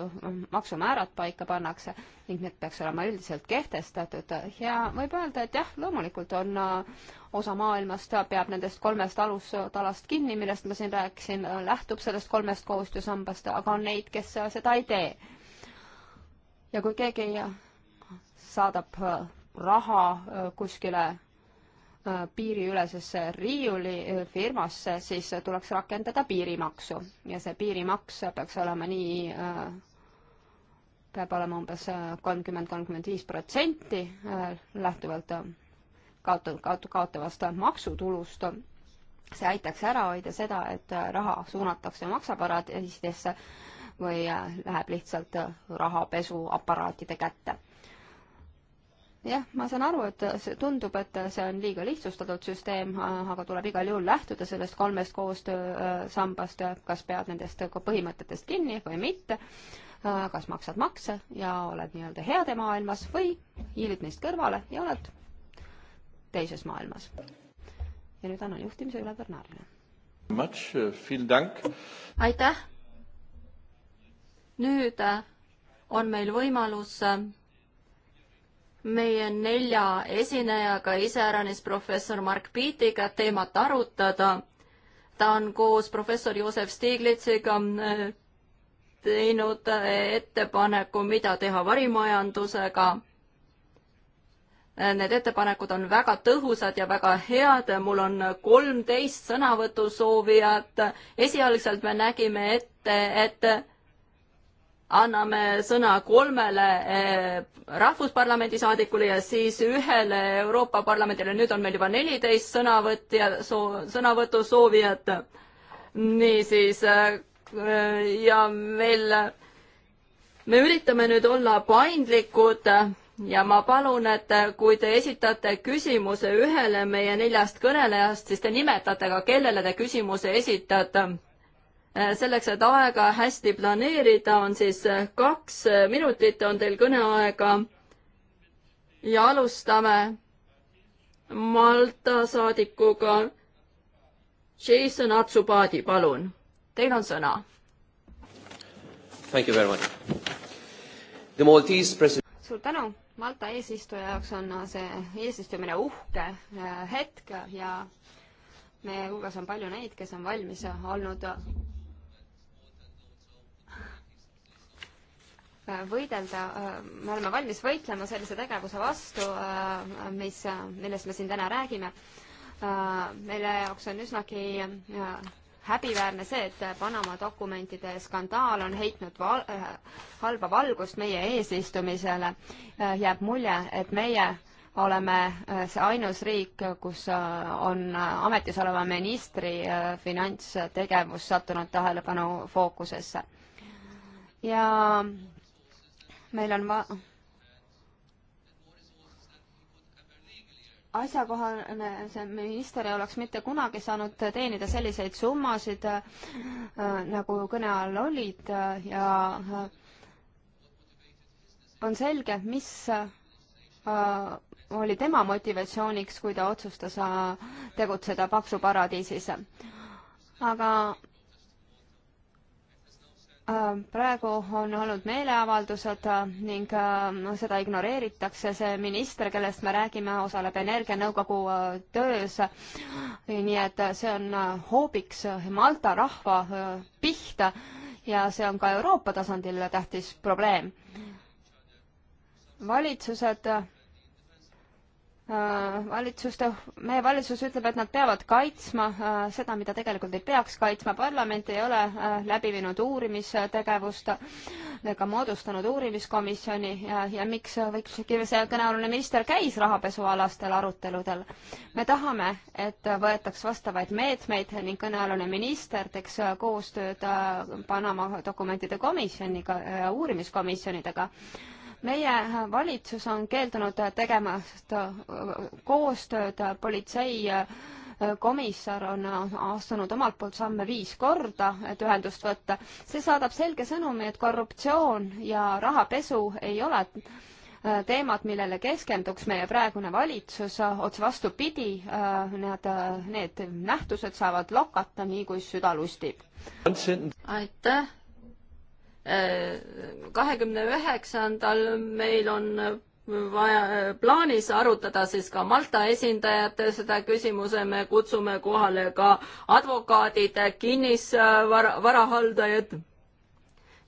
maksumäärad paika pannakse ning need peaks olema üldiselt kehtestatud ja võib öelda, et jah, loomulikult on äh, osa maailmast peab nendest kolmest alustalast kinni, millest ma siin rääkisin, lähtub sellest kolmest koostöösambast, aga on neid, kes seda ei tee. ja kui keegi saadab raha kuskile Äh, piiriülesesse riiulifirmasse, äh, siis tuleks rakendada piirimaksu ja see piirimaks peaks olema nii, äh, peab olema umbes kolmkümmend, kolmkümmend viis protsenti lähtuvalt kaotav, kaot-, kaotavast maksutulust. see aitaks ära hoida seda, et raha suunatakse maksaparadiisidesse või läheb lihtsalt rahapesuaparaatide kätte jah, ma saan aru, et see tundub, et see on liiga lihtsustatud süsteem, aga tuleb igal juhul lähtuda sellest kolmest koostöösambast, kas pead nendest põhimõtetest kinni või mitte, kas maksad makse ja oled nii-öelda heade maailmas või hiilid neist kõrvale ja oled teises maailmas. ja nüüd annan juhtimise üle Bernarile. Uh, aitäh! nüüd uh, on meil võimalus uh, meie nelja esinejaga, iseäranis professor Mark Piitiga teemat arutada. ta on koos professor Joosep Stiglitsiga äh, teinud äh, ettepaneku, mida teha varimajandusega. Äh, need ettepanekud on väga tõhusad ja väga head, mul on kolmteist sõnavõtusoovijat. esialgselt me nägime ette, et anname sõna kolmele eh, rahvusparlamendi saadikule ja siis ühele Euroopa Parlamendile, nüüd on meil juba neliteist sõnavõtja, sõnavõtusoovijat. niisiis eh, ja meil, me üritame nüüd olla paindlikud ja ma palun, et kui te esitate küsimuse ühele meie neljast kõnelejast, siis te nimetate ka, kellele te küsimuse esitate Äh, selleks, et aega hästi planeerida, on siis äh, kaks äh, minutit on teil kõneaega ja alustame Malta saadikuga. Jason Atsubadi, palun, teil on sõna. Thank you very much. The Maltese president. suur tänu, Malta eesistuja jaoks on see eesistumine uhke hetk ja meie hulgas on palju neid, kes on valmis olnud võidelda, me oleme valmis võitlema sellise tegevuse vastu, mis, millest me siin täna räägime. meile jaoks on üsnagi häbiväärne see, et Panama dokumentide skandaal on heitnud val-, halba valgust meie eesistumisele. jääb mulje, et meie oleme see ainus riik, kus on ametis oleva ministri finantstegevus sattunud tähelepanu fookusesse. ja meil on va-, asjakohane see minister ei oleks mitte kunagi saanud teenida selliseid summasid äh,, nagu kõne all olid äh, ja äh, on selge, mis äh, oli tema motivatsiooniks, kui ta otsustas äh, tegutseda paksuparadiisis. aga Äh, praegu on olnud meeleavaldused äh, ning äh, seda ignoreeritakse, see minister, kellest me räägime, osaleb Energianõukogu töös, nii et see on hoobiks Malta rahva pihta ja see on ka Euroopa tasandil tähtis probleem. valitsused Äh, valitsuste, meie valitsus ütleb, et nad peavad kaitsma äh, seda, mida tegelikult ei peaks kaitsma. parlament ei ole äh, läbi viinud uurimistegevust ega moodustanud uurimiskomisjoni ja, ja miks võiks see kõnealune minister käis rahapesualastel aruteludel. me tahame, et võetaks vastavaid meetmeid ning kõnealune minister teeks koostööd Panama dokumentide komisjoniga ja uurimiskomisjonidega meie valitsus on keeldunud tegemast äh, koostööd, politseikomissar äh, on äh, astunud omalt poolt samme viis korda, et ühendust võtta. see saadab selge sõnumi, et korruptsioon ja rahapesu ei ole teemad, millele keskenduks meie praegune valitsus, otse vastupidi, need, need nähtused saavad lokata nii, kui süda lustib. aitäh Äh, kahekümne üheksandal meil on vaja, äh, plaanis arutada siis ka Malta esindajate seda küsimuse, me kutsume kohale ka advokaadid, kinnisvara, varahaldajad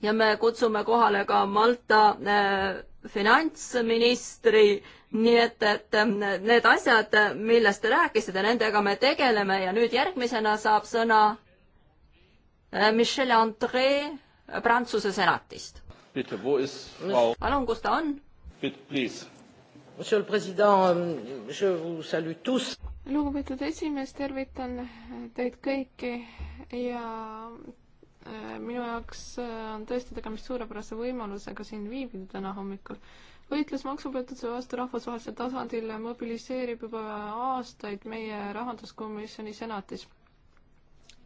ja me kutsume kohale ka Malta äh, finantsministri, nii et, et äh, need asjad, millest te rääkisite, nendega me tegeleme ja nüüd järgmisena saab sõna äh, Michel Andree Prantsuse senatist. palun, kus ta on? Euh, lugupeetud esimees, tervitan teid kõiki ja äh, minu jaoks äh, on tõesti tegemist suurepärase võimalusega siin viibida täna hommikul. võitlus maksupettuse vastu rahvusvahelisel tasandil mobiliseerib juba aastaid meie rahanduskomisjoni senatis.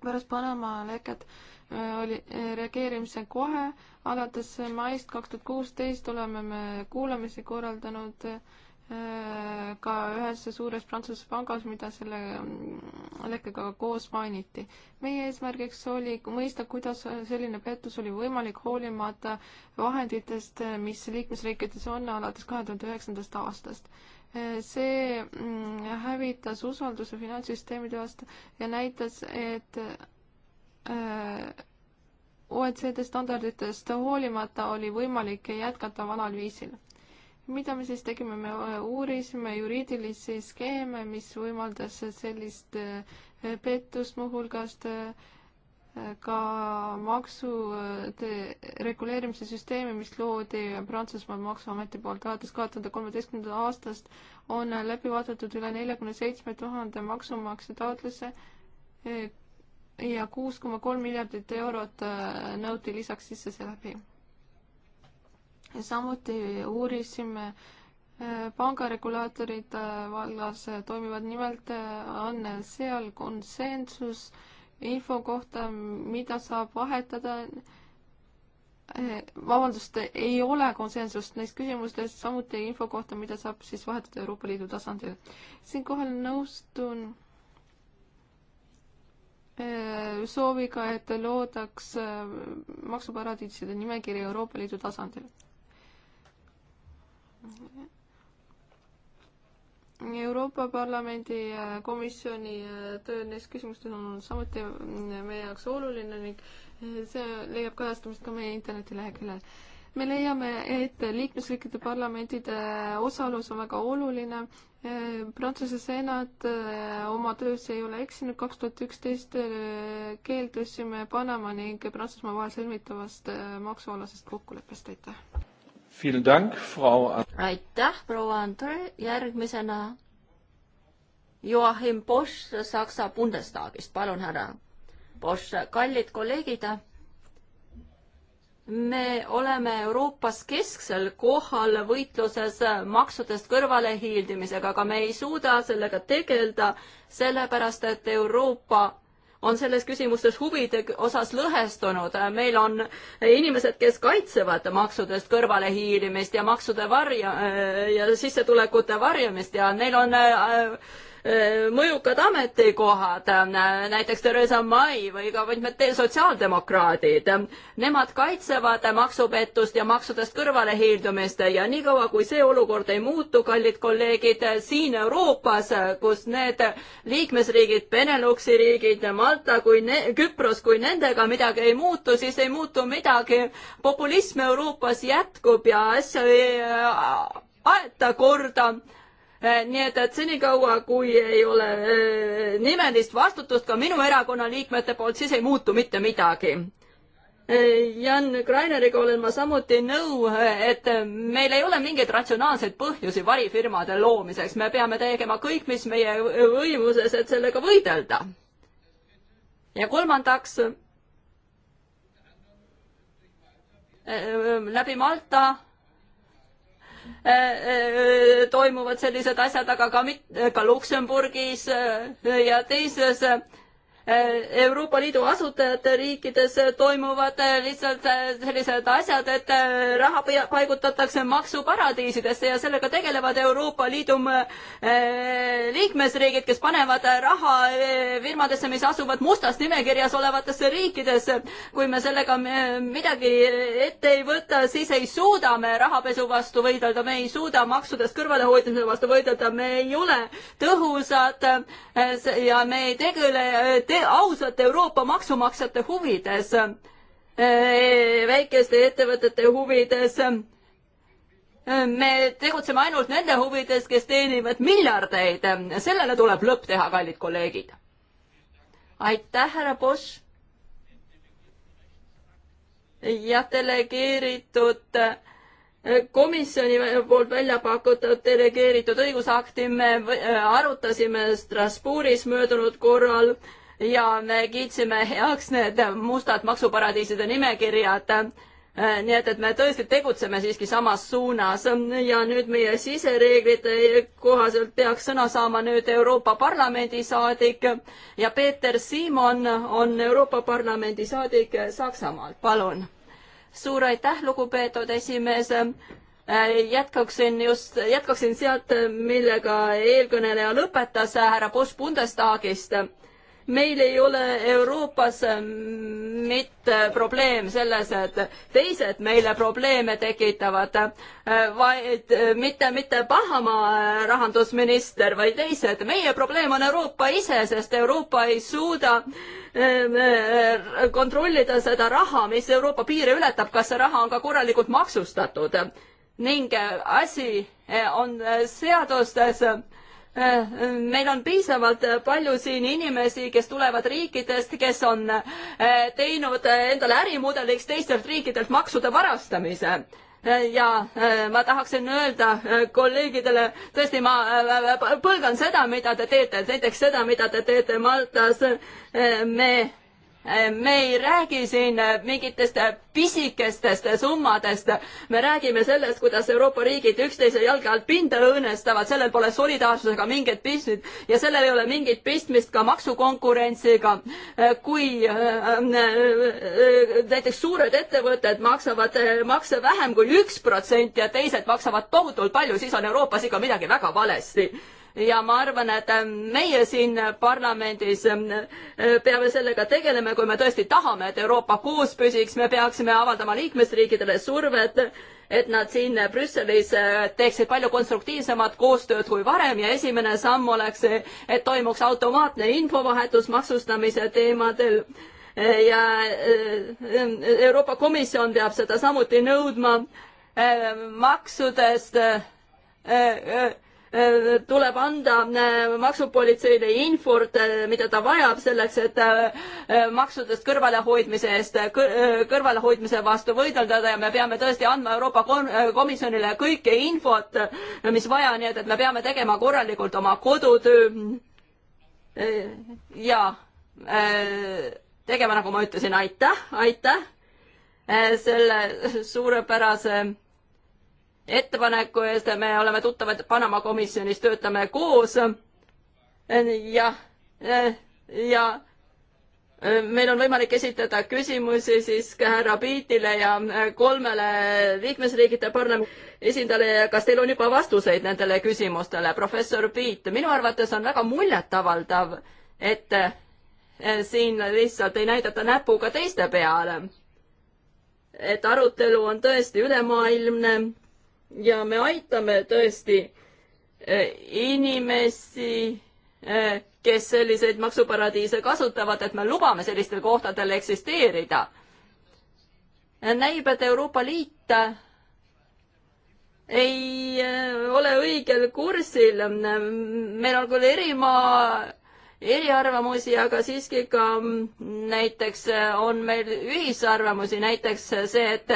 pärast Panama leket oli eh, reageerimise kohe, alates maist kaks tuhat kuusteist oleme me kuulamisi korraldanud eh, ka ühes suures Prantsuse pangas, mida selle mm, lekkega koos mainiti. meie eesmärgiks oli mõista, kuidas selline pettus oli võimalik hoolimata vahenditest, mis liikmesriikides on alates kahe tuhande üheksandast aastast. Eh, see mm, hävitas usalduse finantssüsteemide vastu ja näitas, et Äh, OECD standarditest hoolimata oli võimalik jätkata vanal viisil. mida me siis tegime, me äh, uurisime juriidilisi skeeme, mis võimaldas sellist äh, pettust muuhulgas ka maksude reguleerimise süsteemi, mis loodi Prantsusmaal Maksuameti poolt alates kahe tuhande kolmeteistkümnendast aastast, on läbi vaadatud üle neljakümne seitsme tuhande maksumaksja taotluse ja kuus koma kolm miljardit eurot äh, nõuti lisaks sisse seeläbi. samuti uurisime äh, pangaregulaatorid äh, vallas toimivad, nimelt on seal konsensus info kohta, mida saab vahetada. vabandust, ei ole konsensust neis küsimustes, samuti info kohta, mida saab siis vahetada Euroopa Liidu tasandil. siinkohal nõustun sooviga, et loodaks maksuparadiiside nimekiri Euroopa Liidu tasandil. Euroopa Parlamendi komisjoni töö neis küsimustes on samuti meie jaoks oluline ning see leiab kajastamist ka meie internetileheküljel me leiame, et liikmesriikide parlamentide osalus on väga oluline. Eh, Prantsuse senat eh, oma töös ei ole eksinud, kaks tuhat üksteist eh, keeldusime Panama ning Prantsusmaa vahel sõlmitavast maksualasest kokkuleppest, aitäh! aitäh, proua Andre, järgmisena Joachim Bosch Saksa Bundestagist, palun härra Bosch, kallid kolleegid me oleme Euroopas kesksel kohal võitluses maksudest kõrvalehiildimisega, aga me ei suuda sellega tegeleda, sellepärast et Euroopa on selles küsimustes huvide osas lõhestunud. meil on inimesed, kes kaitsevad maksudest kõrvalehiilimist ja maksude varja ja sissetulekute varjamist ja neil on äh, Äh, mõjukad ametikohad, äh, näiteks Theresa May või ka mitmed sotsiaaldemokraadid. Nemad kaitsevad maksupettust ja maksudest kõrvalehiildumist ja niikaua, kui see olukord ei muutu, kallid kolleegid, siin Euroopas, kus need liikmesriigid, Beneluxi riigid, Malta kui ne-, Küpros, kui nendega midagi ei muutu, siis ei muutu midagi. populism Euroopas jätkub ja asja ei äh, aeta korda Äh, nii et, et senikaua, kui ei ole äh, nimelist vastutust ka minu erakonna liikmete poolt, siis ei muutu mitte midagi. Äh, Jan Graineriga olen ma samuti nõu, et meil ei ole mingeid ratsionaalseid põhjusi varifirmade loomiseks, me peame tegema kõik, mis meie võimuses, et sellega võidelda. ja kolmandaks läbi Malta Äh, äh, toimuvad sellised asjad, aga ka, ka Luksemburgis äh, ja teises Äh, Euroopa Liidu asutajate riikides toimuvad äh, lihtsalt äh, sellised asjad, et raha paigutatakse maksuparadiisidesse ja sellega tegelevad Euroopa Liidu liikmesriigid, kes panevad raha firmadesse, mis asuvad mustas nimekirjas olevatesse riikidesse. kui me sellega midagi ette ei võta, siis ei suuda me rahapesu vastu võidelda, me ei suuda maksudest kõrvalehoidmise vastu võidelda, me ei ole tõhusad ja me ei tegele ausalt Euroopa maksumaksjate huvides, eh, väikeste ettevõtete huvides. me tegutseme ainult nende huvides, kes teenivad miljardeid. sellele tuleb lõpp teha, kallid kolleegid. aitäh, härra Bosch. jah, delegeeritud eh, komisjoni poolt välja pakutud delegeeritud õigusakti me eh, arutasime Strasbourgis möödunud korral ja me kiitsime heaks need mustad maksuparadiiside nimekirjad. Äh, nii et, et me tõesti tegutseme siiski samas suunas ja nüüd meie sisereeglite äh, kohaselt peaks sõna saama nüüd Euroopa Parlamendi saadik ja Peeter Siimon on Euroopa Parlamendi saadik Saksamaalt, palun. suur aitäh, lugupeetud esimees äh, jätkaksin just, jätkaksin sealt, millega eelkõneleja lõpetas, härra Bush Bundestagist meil ei ole Euroopas ähm, mitte äh, probleem selles, et teised meile probleeme tekitavad, äh, vaid äh, mitte, mitte pahamaa rahandusminister, vaid teised. meie probleem on Euroopa ise, sest Euroopa ei suuda ähm, kontrollida seda raha, mis Euroopa piire ületab, kas see raha on ka korralikult maksustatud. ning asi on seadustes Äh, meil on piisavalt palju siin inimesi, kes tulevad riikidest, kes on äh, teinud endale ärimudeliks teistelt riikidelt maksude varastamise äh, ja ma tahaksin öelda kolleegidele, tõesti, ma põlgan seda, mida te teete, näiteks seda, mida te teete Maltas. me me ei räägi siin mingitest pisikestest summadest, me räägime sellest, kuidas Euroopa riigid üksteise jalge alt pinda õõnestavad, sellel pole solidaarsusega mingit pistmist ja sellel ei ole mingit pistmist ka maksukonkurentsiga. kui äh, äh, näiteks suured ettevõtted maksavad äh, makse vähem kui üks protsent ja teised maksavad tohutult palju, siis on Euroopas ikka midagi väga valesti ja ma arvan, et meie siin parlamendis peame sellega tegelema, kui me tõesti tahame, et Euroopa koos püsiks, me peaksime avaldama liikmesriikidele survet, et nad siin Brüsselis eh, teeksid palju konstruktiivsemat koostööd kui varem ja esimene samm oleks, et toimuks automaatne infovahetus maksustamise teemadel eh, ja eh, Euroopa Komisjon peab seda samuti nõudma maksudest Äh, tuleb anda äh, maksupolitseile infot, äh, mida ta vajab selleks, et maksudest kõrvalehoidmise eest, kõrvalehoidmise vastu võidelda ja me peame tõesti andma Euroopa Komisjonile kõike infot, mis vaja, nii et, et me peame tegema korralikult oma kodutöö. ja tegema, nagu ma ütlesin, aitäh, aitäh selle suurepärase ettepaneku eest, me oleme tuttavad Panama komisjonis, töötame koos. jah, ja meil on võimalik esitada küsimusi siis ka härra Piitile ja kolmele liikmesriigide parlamendi esindajale ja kas teil on juba vastuseid nendele küsimustele? professor Piit, minu arvates on väga muljetavaldav, et siin lihtsalt ei näidata näpuga teiste peale. et arutelu on tõesti ülemaailmne ja me aitame tõesti eh, inimesi, eh, kes selliseid maksuparadiise kasutavad, et me lubame sellistel kohtadel eksisteerida. näib, et Euroopa Liit eh, ei ole õigel kursil. meil on küll erimaa, eriarvamusi, aga siiski ka mm, näiteks on meil ühisarvamusi, näiteks see, et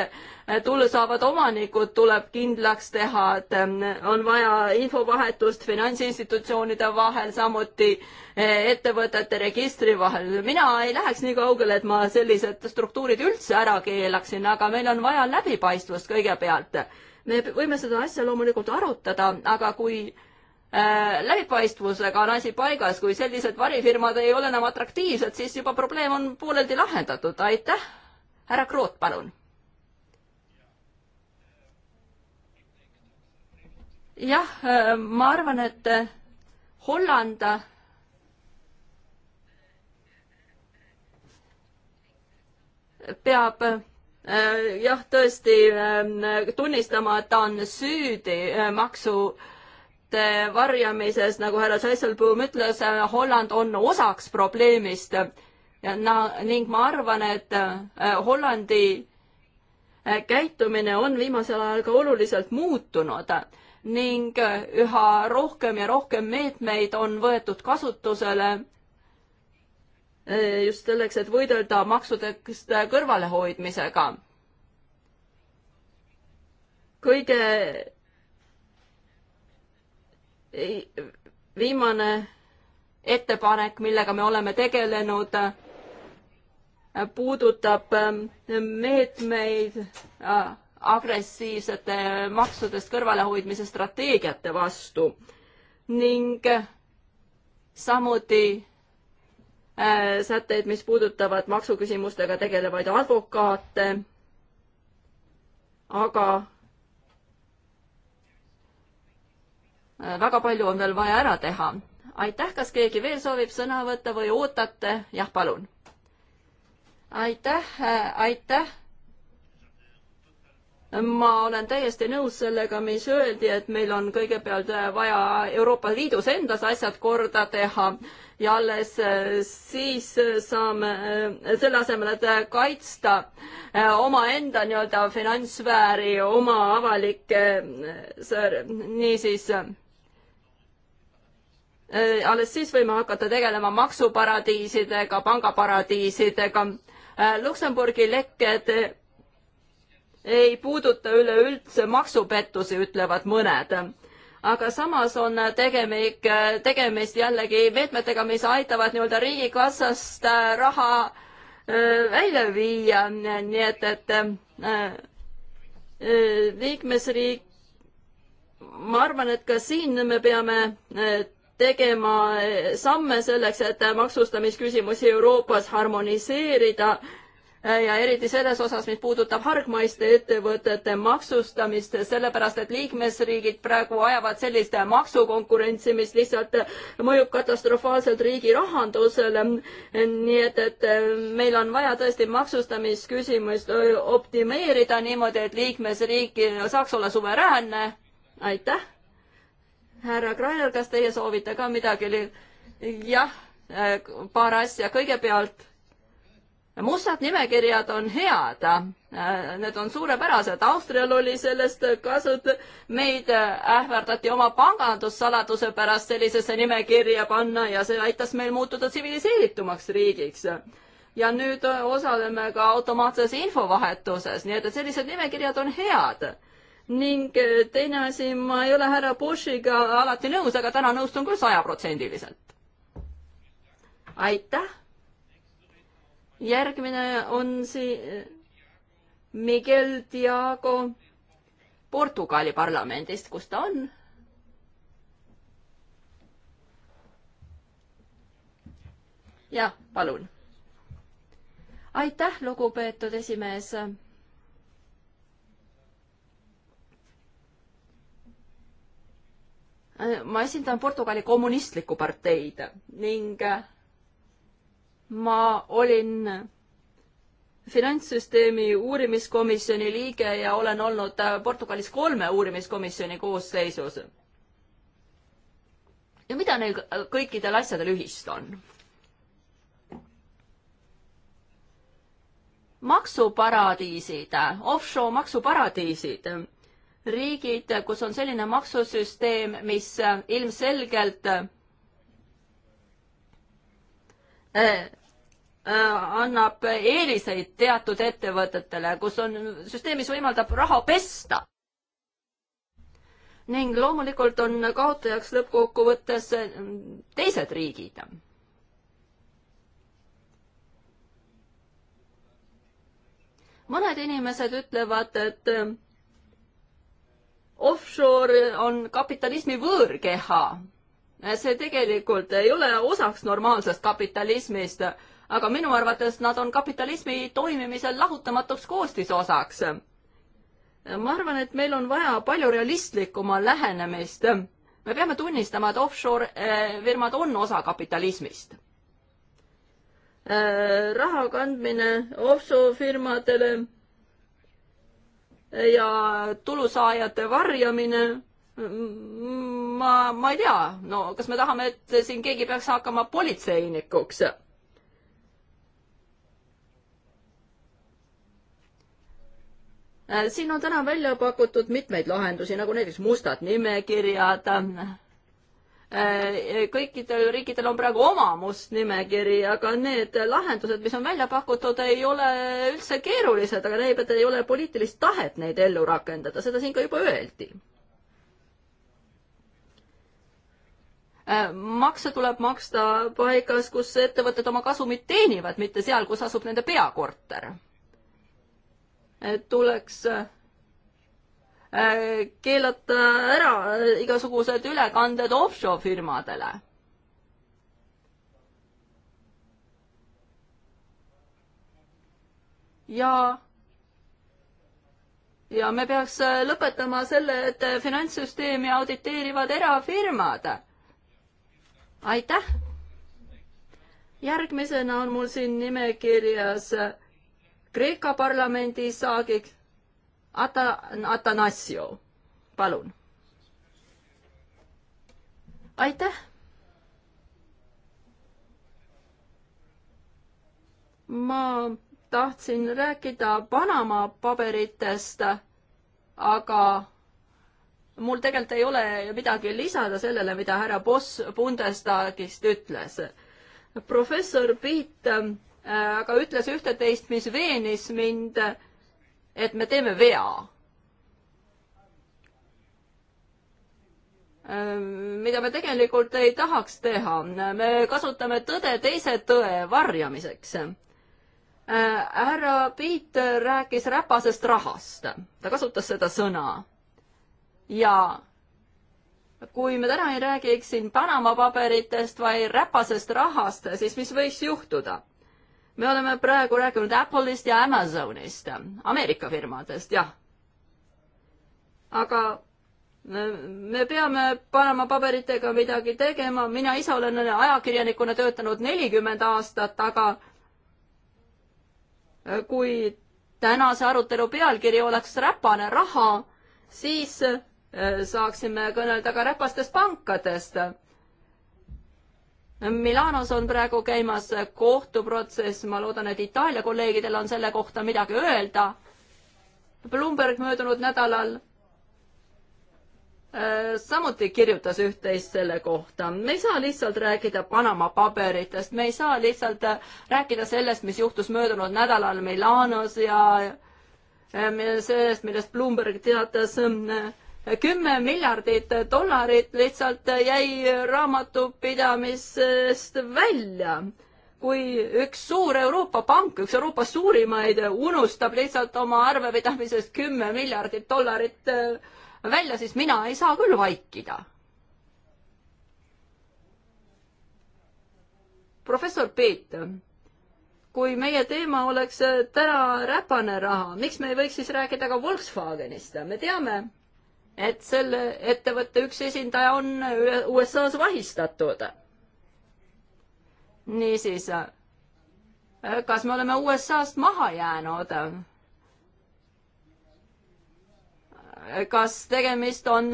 tulu saavad omanikud tuleb kindlaks teha, et on vaja infovahetust finantsinstitutsioonide vahel, samuti eh, ettevõtete registri vahel. mina ei läheks nii kaugele, et ma sellised struktuurid üldse ära keelaksin, aga meil on vaja läbipaistvust kõigepealt. me võime seda asja loomulikult arutada, aga kui eh, läbipaistvusega on asi paigas, kui sellised varifirmad ei ole enam atraktiivsed, siis juba probleem on pooleldi lahendatud, aitäh. härra Kroot, palun jah, äh, ma arvan, et äh, Holland peab äh, jah, tõesti tunnistama, et ta on süüdi maksude varjamises, nagu härra Sesselbaum ütles, Holland on osaks probleemist ja na-, ning ma arvan, et Hollandi käitumine on viimasel ajal ka oluliselt muutunud ning üha rohkem ja rohkem meetmeid on võetud kasutusele eh, just selleks, et võidelda maksudest kõrvalehoidmisega. kõige viimane ettepanek, millega me oleme tegelenud, puudutab eh, meetmeid ah, agressiivsete maksudest kõrvalehoidmise strateegiate vastu ning samuti äh, sätteid, mis puudutavad maksuküsimustega tegelevaid advokaate, aga äh, väga palju on veel vaja ära teha. aitäh, kas keegi veel soovib sõna võtta või ootate? jah, palun. aitäh, äh, aitäh ma olen täiesti nõus sellega, mis öeldi, et meil on kõigepealt vaja Euroopa Liidus endas asjad korda teha ja alles äh, siis saame, äh, selle asemel, et äh, kaitsta omaenda nii-öelda finantssfääri, oma avalikke, niisiis alles siis võime hakata tegelema maksuparadiisidega, pangaparadiisidega. Luksemburgi lekked ei puuduta üleüldse maksupettusi, ütlevad mõned aga samas on tegemik, tegemist jällegi meetmetega, mis aitavad nii-öelda riigikassast äh, raha äh, välja viia, nii et, et äh, liikmesriik, ma arvan, et ka siin me peame tegema samme selleks, et maksustamisküsimusi Euroopas harmoniseerida Äh, ja eriti selles osas, mis puudutab hargmaiste ettevõtete maksustamist, sellepärast et liikmesriigid praegu ajavad sellist maksukonkurentsi, mis lihtsalt mõjub katastrofaalselt riigi rahandusele. nii et, et äh, meil on vaja tõesti maksustamisküsimust äh, optimeerida niimoodi, et liikmesriik saaks olla suveräänne. aitäh. härra Krainer, kas teie soovite ka midagi? jah, paar asja. kõigepealt mustad nimekirjad on head, äh, need on suurepärased, Austrial oli sellest kasu, meid äh, ähvardati oma pangandussaladuse pärast sellisesse nimekirja panna ja see aitas meil muutuda tsiviliseeritumaks riigiks. ja nüüd äh, osaleme ka automaatses infovahetuses, nii et, et sellised nimekirjad on head ning teine asi, ma ei ole härra Bushiga alati nõus, aga täna nõustun küll sajaprotsendiliselt. aitäh järgmine on siin Miguel Diago Portugali parlamendist, kus ta on? jah, palun. aitäh, lugupeetud esimees. ma esindan Portugali kommunistlikku parteid ning ma olin finantssüsteemi uurimiskomisjoni liige ja olen olnud äh, Portugalis kolme uurimiskomisjoni koosseisus. ja mida neil kõikidel asjadel ühist on? maksuparadiisid, offshore maksuparadiisid, riigid, kus on selline maksusüsteem, mis äh, ilmselgelt Äh, äh, annab eeliseid teatud ettevõtetele, kus on süsteem, mis võimaldab raha pesta. ning loomulikult on kaotajaks lõppkokkuvõttes äh, teised riigid. mõned inimesed ütlevad, et offshore on kapitalismi võõrkeha see tegelikult ei ole osaks normaalsest kapitalismist, aga minu arvates nad on kapitalismi toimimisel lahutamatuks koostisosaks. ma arvan, et meil on vaja palju realistlikuma lähenemist. me peame tunnistama, et offshore eh, firmad on osa kapitalismist. Eh, raha kandmine offshore firmadele ja tulusaajate varjamine ma, ma ei tea, no kas me tahame, et siin keegi peaks hakkama politseinikuks? Äh, siin on täna välja pakutud mitmeid lahendusi, nagu näiteks mustad nimekirjad. Äh, kõikidel riikidel on praegu oma must nimekiri, aga need lahendused, mis on välja pakutud, ei ole üldse keerulised, aga näib, et ei ole poliitilist tahet neid ellu rakendada, seda siin ka juba öeldi Äh, makse tuleb maksta paigas, kus ettevõtted oma kasumit teenivad, mitte seal, kus asub nende peakorter. tuleks äh, keelata ära äh, igasugused ülekanded offshore firmadele ja ja me peaks lõpetama selle, et finantssüsteemi auditeerivad erafirmad aitäh! järgmisena on mul siin nimekirjas Kreeka parlamendi saagik Ata-, Atanasio, palun. aitäh! ma tahtsin rääkida Panama paberitest, aga mul tegelikult ei ole midagi lisada sellele, mida härra Boss Bundestagist ütles. professor Piit äh, aga ütles ühte-teist, mis veenis mind, et me teeme vea äh, mida me tegelikult ei tahaks teha. me kasutame tõde teise tõe varjamiseks. Äh, härra Piit rääkis räpasest rahast, ta kasutas seda sõna ja kui me täna ei räägiks siin Panama paberitest, vaid räpasest rahast, siis mis võiks juhtuda? me oleme praegu rääkinud Apple'ist ja Amazonist, Ameerika firmadest, jah. aga me peame Panama paberitega midagi tegema, mina ise olen ajakirjanikuna töötanud nelikümmend aastat, aga kui tänase arutelu pealkiri oleks räpane raha, siis Äh, saaksime kõnelda ka räpastest pankadest. Milanos on praegu käimas kohtuprotsess, ma loodan, et Itaalia kolleegidel on selle kohta midagi öelda. Bloomberg möödunud nädalal äh, samuti kirjutas üht-teist selle kohta. me ei saa lihtsalt rääkida Panama paberitest, me ei saa lihtsalt äh, rääkida sellest, mis juhtus möödunud nädalal Milanos ja sellest, millest Bloomberg teatas kümme miljardit dollarit lihtsalt jäi raamatupidamisest välja. kui üks suur Euroopa pank, üks Euroopa suurimaid unustab lihtsalt oma arvepidamisest kümme miljardit dollarit äh, välja, siis mina ei saa küll vaikida. professor Peet, kui meie teema oleks täna räpane raha, miks me ei võiks siis rääkida ka Volkswagenist, me teame, et selle ettevõtte üks esindaja on USA-s vahistatud. niisiis, kas me oleme USA-st maha jäänud? kas tegemist on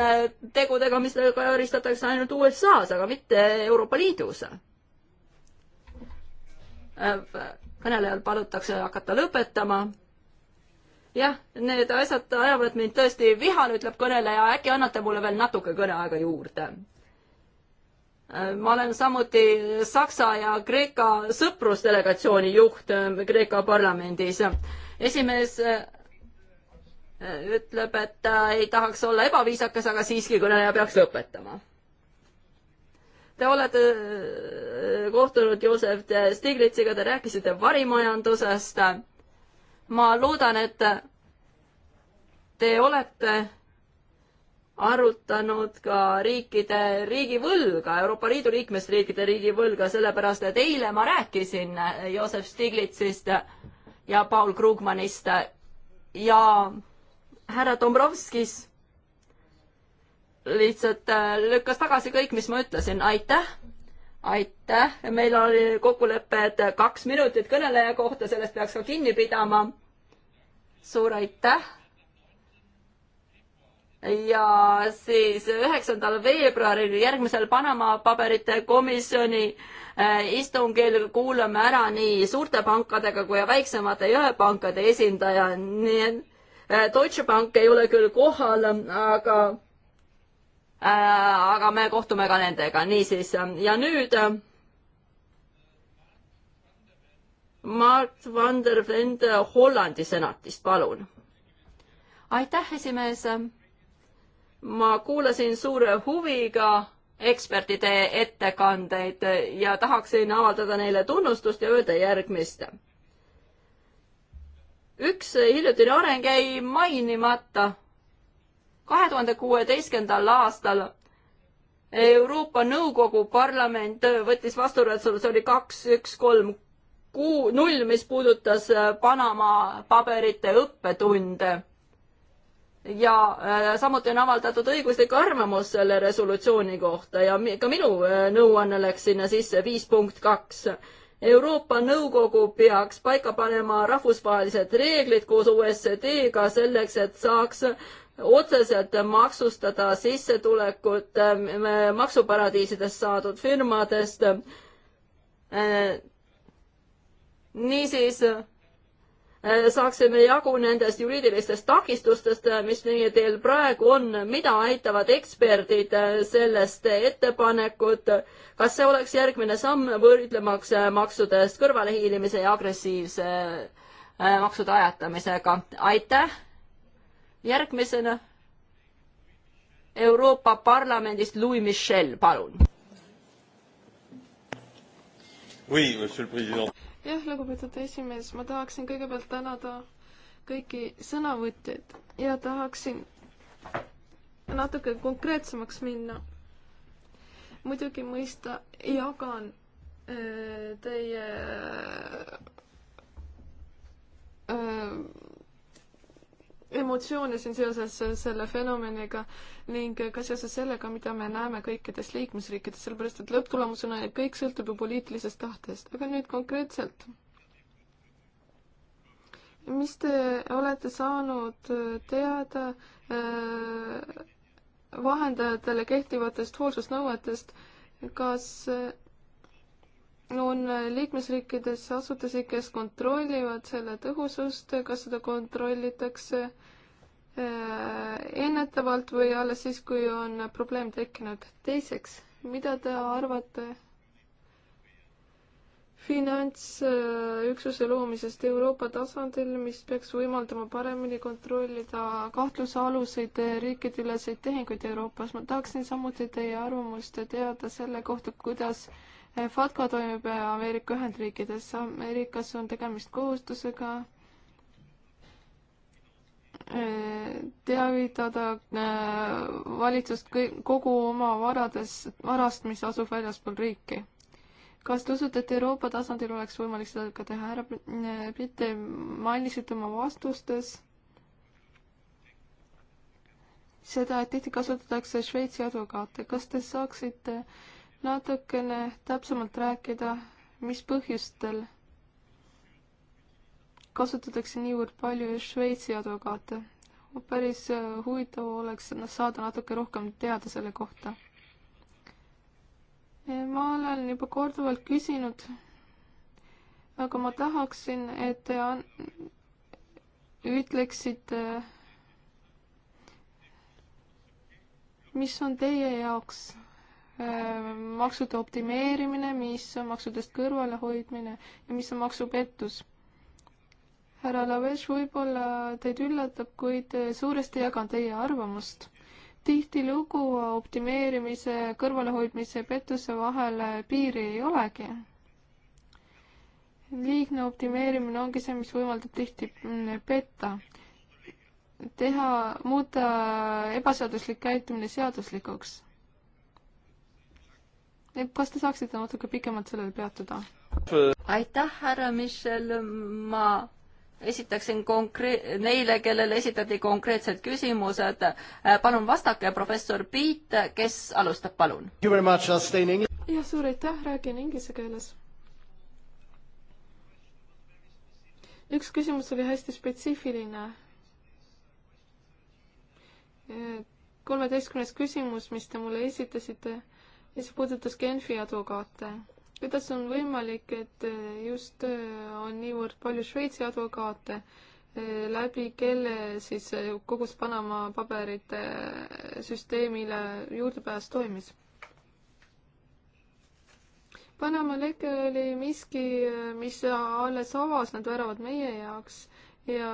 tegudega, mis karistatakse ainult USA-s, aga mitte Euroopa Liidus? kõnelejal palutakse hakata lõpetama jah, need asjad ajavad mind tõesti vihale, ütleb kõneleja, äkki annate mulle veel natuke kõneaega juurde? Äh, ma olen samuti Saksa ja Kreeka sõprusdelegatsiooni juht äh, Kreeka parlamendis. esimees äh, ütleb, et ta ei tahaks olla ebaviisakas, aga siiski kõneleja peaks lõpetama. Te olete kohtunud Joosef Stiglitsiga, te rääkisite varimajandusest ma loodan, et te olete arutanud ka riikide riigivõlga, Euroopa Liidu liikmesriikide riigivõlga, sellepärast et eile ma rääkisin Joosep Stiglitsist ja Paul Krugmanist ja härra Dombrovskis lihtsalt äh, lükkas tagasi kõik, mis ma ütlesin, aitäh aitäh, meil oli kokkulepe, et kaks minutit kõneleja kohta, sellest peaks ka kinni pidama suur aitäh. ja siis üheksandal veebruaril järgmisel Panama paberite komisjoni eh, istungil kuulame ära nii suurte pankadega kui väiksemate jaepankade esindaja, nii et eh, Deutsche Bank ei ole küll kohal, aga eh, aga me kohtume ka nendega, niisiis ja nüüd Mart van der Vende Hollandi senatist, palun. aitäh, esimees. ma kuulasin suure huviga ekspertide ettekandeid ja tahaksin avaldada neile tunnustust ja öelda järgmist. üks hiljutine areng jäi mainimata. kahe tuhande kuueteistkümnendal aastal Euroopa Nõukogu parlament võttis vastu resolutsiooni kaks, üks, kolm, kuu, null, mis puudutas äh, Panama paberite õppetunde. ja äh, samuti on avaldatud õiguslik arvamus selle resolutsiooni kohta ja ka minu äh, nõuanne läks sinna sisse viis punkt kaks Euroopa Nõukogu peaks paika panema rahvusvahelised reeglid koos OSCD-ga selleks, et saaks otseselt maksustada sissetulekut maksuparadiisidest saadud firmadest niisiis äh, saaksime jagu nendest juriidilistest takistustest, äh, mis meie teel praegu on, mida aitavad eksperdid äh, sellest ettepanekut, kas see oleks järgmine samm võrdlemaks maksudest kõrvalehiilimise ja agressiivse maksude ajatamisega, aitäh. järgmisena Euroopa Parlamendist Louis Michel, palun. Oui, monsieur le président jah, lugupeetud esimees, ma tahaksin kõigepealt tänada kõiki sõnavõtjaid ja tahaksin natuke konkreetsemaks minna. muidugi mõista jagan äh, teie äh, emotsioone siin seoses selle fenomeniga ning ka seoses sellega, mida me näeme kõikides liikmesriikides, sellepärast et lõpptulemusena kõik sõltub ju poliitilisest tahtest. aga nüüd konkreetselt. mis te olete saanud teada äh, vahendajatele kehtivatest hoolsusnõuetest, kas on liikmesriikides asutusi, kes kontrollivad selle tõhusust, kas seda kontrollitakse äh, ennetavalt või alles siis, kui on probleem tekkinud. teiseks, mida te arvate finantsüksuse loomisest Euroopa tasandil, mis peaks võimaldama paremini kontrollida kahtlusaluseid riikideüleseid tehinguid Euroopas. ma tahaksin samuti teie arvamust teada selle kohta, kuidas äh, FATCA toimib Ameerika Ühendriikides, Ameerikas on tegemist kohustusega äh, teavitada äh, valitsust kogu oma varades, varast, mis asub väljaspool riiki. kas te usute, et Euroopa tasandil oleks võimalik seda ka teha? härra Pitt, äh, te mainisite oma vastustes seda, et tihti kasutatakse Šveitsi advokaate. kas te saaksite äh, natukene täpsemalt rääkida, mis põhjustel kasutatakse niivõrd palju Šveitsi advokaate. päris äh, huvitav oleks saada natuke rohkem teada selle kohta. ma olen juba korduvalt küsinud, aga ma tahaksin, et te ütleksite, mis on teie jaoks Äh, maksude optimeerimine, mis on maksudest kõrvalehoidmine ja mis on maksupettus. härra Lavesh, võib-olla teid üllatab, kuid suuresti jagan teie arvamust. tihtilugu optimeerimise, kõrvalehoidmise ja pettuse vahel piiri ei olegi liigne optimeerimine ongi see, mis võimaldab tihti petta, teha, muuta ebaseaduslik käitumine seaduslikuks. Eh, kas te saaksite natuke pikemalt sellele peatuda? aitäh, härra Michel, ma esitaksin konkre-, neile, kellele esitati konkreetsed küsimused. Eh, palun vastake, professor Piit, kes alustab, palun? jah, suur aitäh, räägin inglise keeles. üks küsimus oli hästi spetsiifiline. Eh, kolmeteistkümnes küsimus, mis te mulle esitasite mis puudutas Genfi advokaate. kuidas on võimalik, et äh, just äh, on niivõrd palju Šveitsi advokaate, äh, läbi kelle siis kogu see Panama paberite süsteemile juurdepääs toimis? Panama leke oli miski, mis alles avas need väravad meie jaoks ja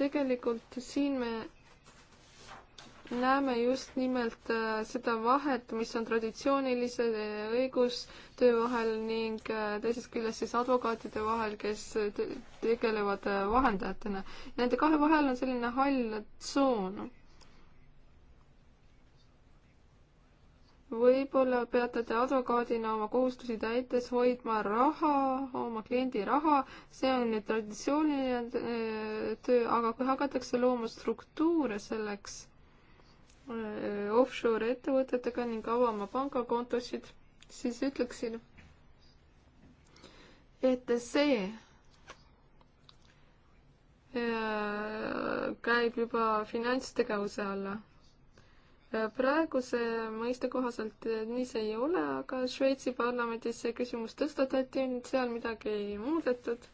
tegelikult siin me näeme just nimelt äh, seda vahet, mis on traditsioonilise õigustöö vahel ning äh, teisest küljest siis advokaatide vahel, kes tegelevad äh, vahendajatena. Nende kahe vahel on selline hall tsoon. võib-olla peate te advokaadina oma kohustusi täites hoidma raha, oma kliendi raha, see on nüüd traditsiooniline töö, aga kui hakatakse looma struktuure selleks Äh, offshore ettevõtetega ning avama pangakontosid, siis ütleksin, et see äh, käib juba finantstegevuse alla. Äh, praeguse mõiste kohaselt nii see ei ole, aga Šveitsi parlamendis see küsimus tõstatati, seal midagi ei muudetud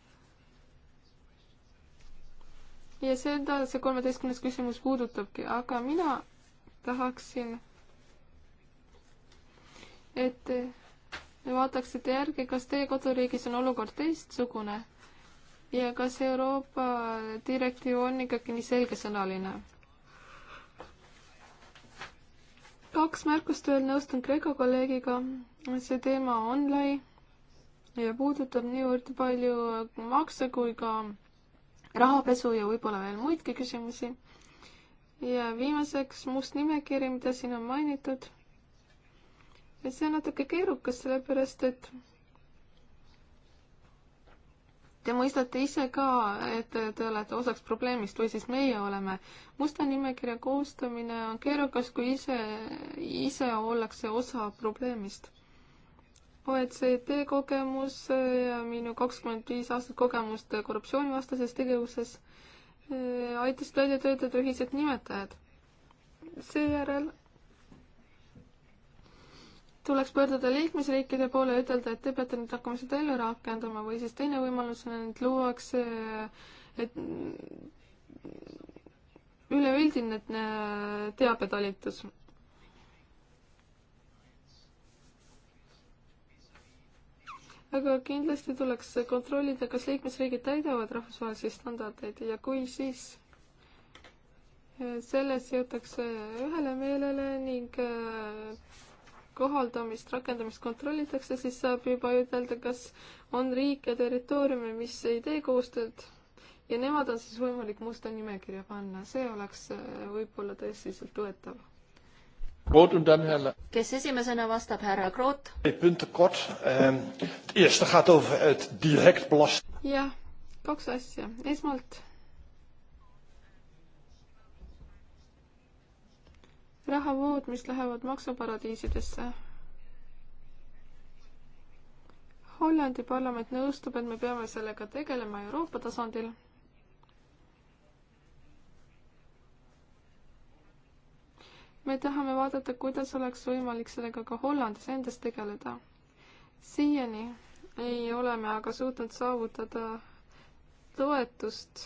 ja seda see kolmeteistkümnes küsimus puudutabki, aga mina tahaksin, et vaataksite järgi, kas teie koduriigis on olukord teistsugune ja kas Euroopa direktiiv on ikkagi nii selgesõnaline. kaks märkust veel, nõustun Kreeka kolleegiga, see teema on lai ja puudutab niivõrd palju makse kui ka rahapesu ja võib-olla veel muidki küsimusi ja viimaseks must nimekiri, mida siin on mainitud. et see on natuke keerukas, sellepärast et te mõistate ise ka, et te olete osaks probleemist või siis meie oleme. musta nimekirja koostamine on keerukas, kui ise, ise ollakse osa probleemist. OECD kogemus ja minu kakskümmend viis aastat kogemust korruptsioonivastases tegevuses Äh, aitasid välja töötada ühised nimetajad. seejärel tuleks pöörduda liikmesriikide poole ja ütelda, et te peate nüüd hakkama seda ellu rakendama või siis teine võimalus on, et luuakse, et üleüldine äh, teabetalitus aga kindlasti tuleks kontrollida, kas liikmesriigid täidavad rahvusvahelisi standardeid ja kui, siis eh, selles jõutakse ühele meelele ning eh, kohaldamist, rakendamist kontrollitakse, siis saab juba ütelda, kas on riike, territooriume, mis ei tee koostööd ja nemad on siis võimalik musta nimekirja panna, see oleks eh, võib-olla tõsiselt võetav kes esimesena vastab, härra Kroot? Ehm, jah, kaks asja. esmalt rahavood, mis lähevad maksuparadiisidesse. Hollandi parlament nõustub, et me peame sellega tegelema Euroopa tasandil me tahame vaadata, kuidas oleks võimalik sellega ka Hollandis endas tegeleda. siiani ei ole me aga suutnud saavutada toetust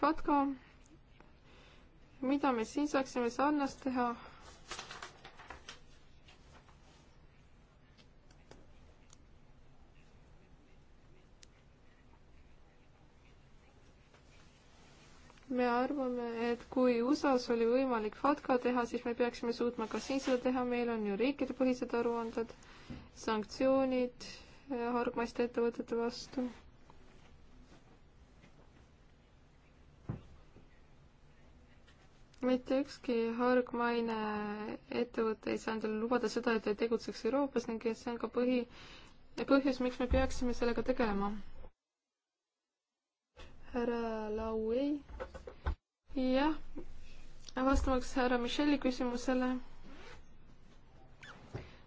FATCA, mida me siin saaksime sarnast teha me arvame, et kui USA-s oli võimalik FATCA teha, siis me peaksime suutma ka siin seda teha, meil on ju riikidepõhised aruanded, sanktsioonid eh, hargmaiste ettevõtete vastu. mitte ükski hargmaine endale ettevõte ei saa endale lubada seda, et ta ei tegutseks Euroopas ning see on ka põhi, põhjus, miks me peaksime sellega tegelema. härra Lauei jah, vastamaks härra Michelli küsimusele.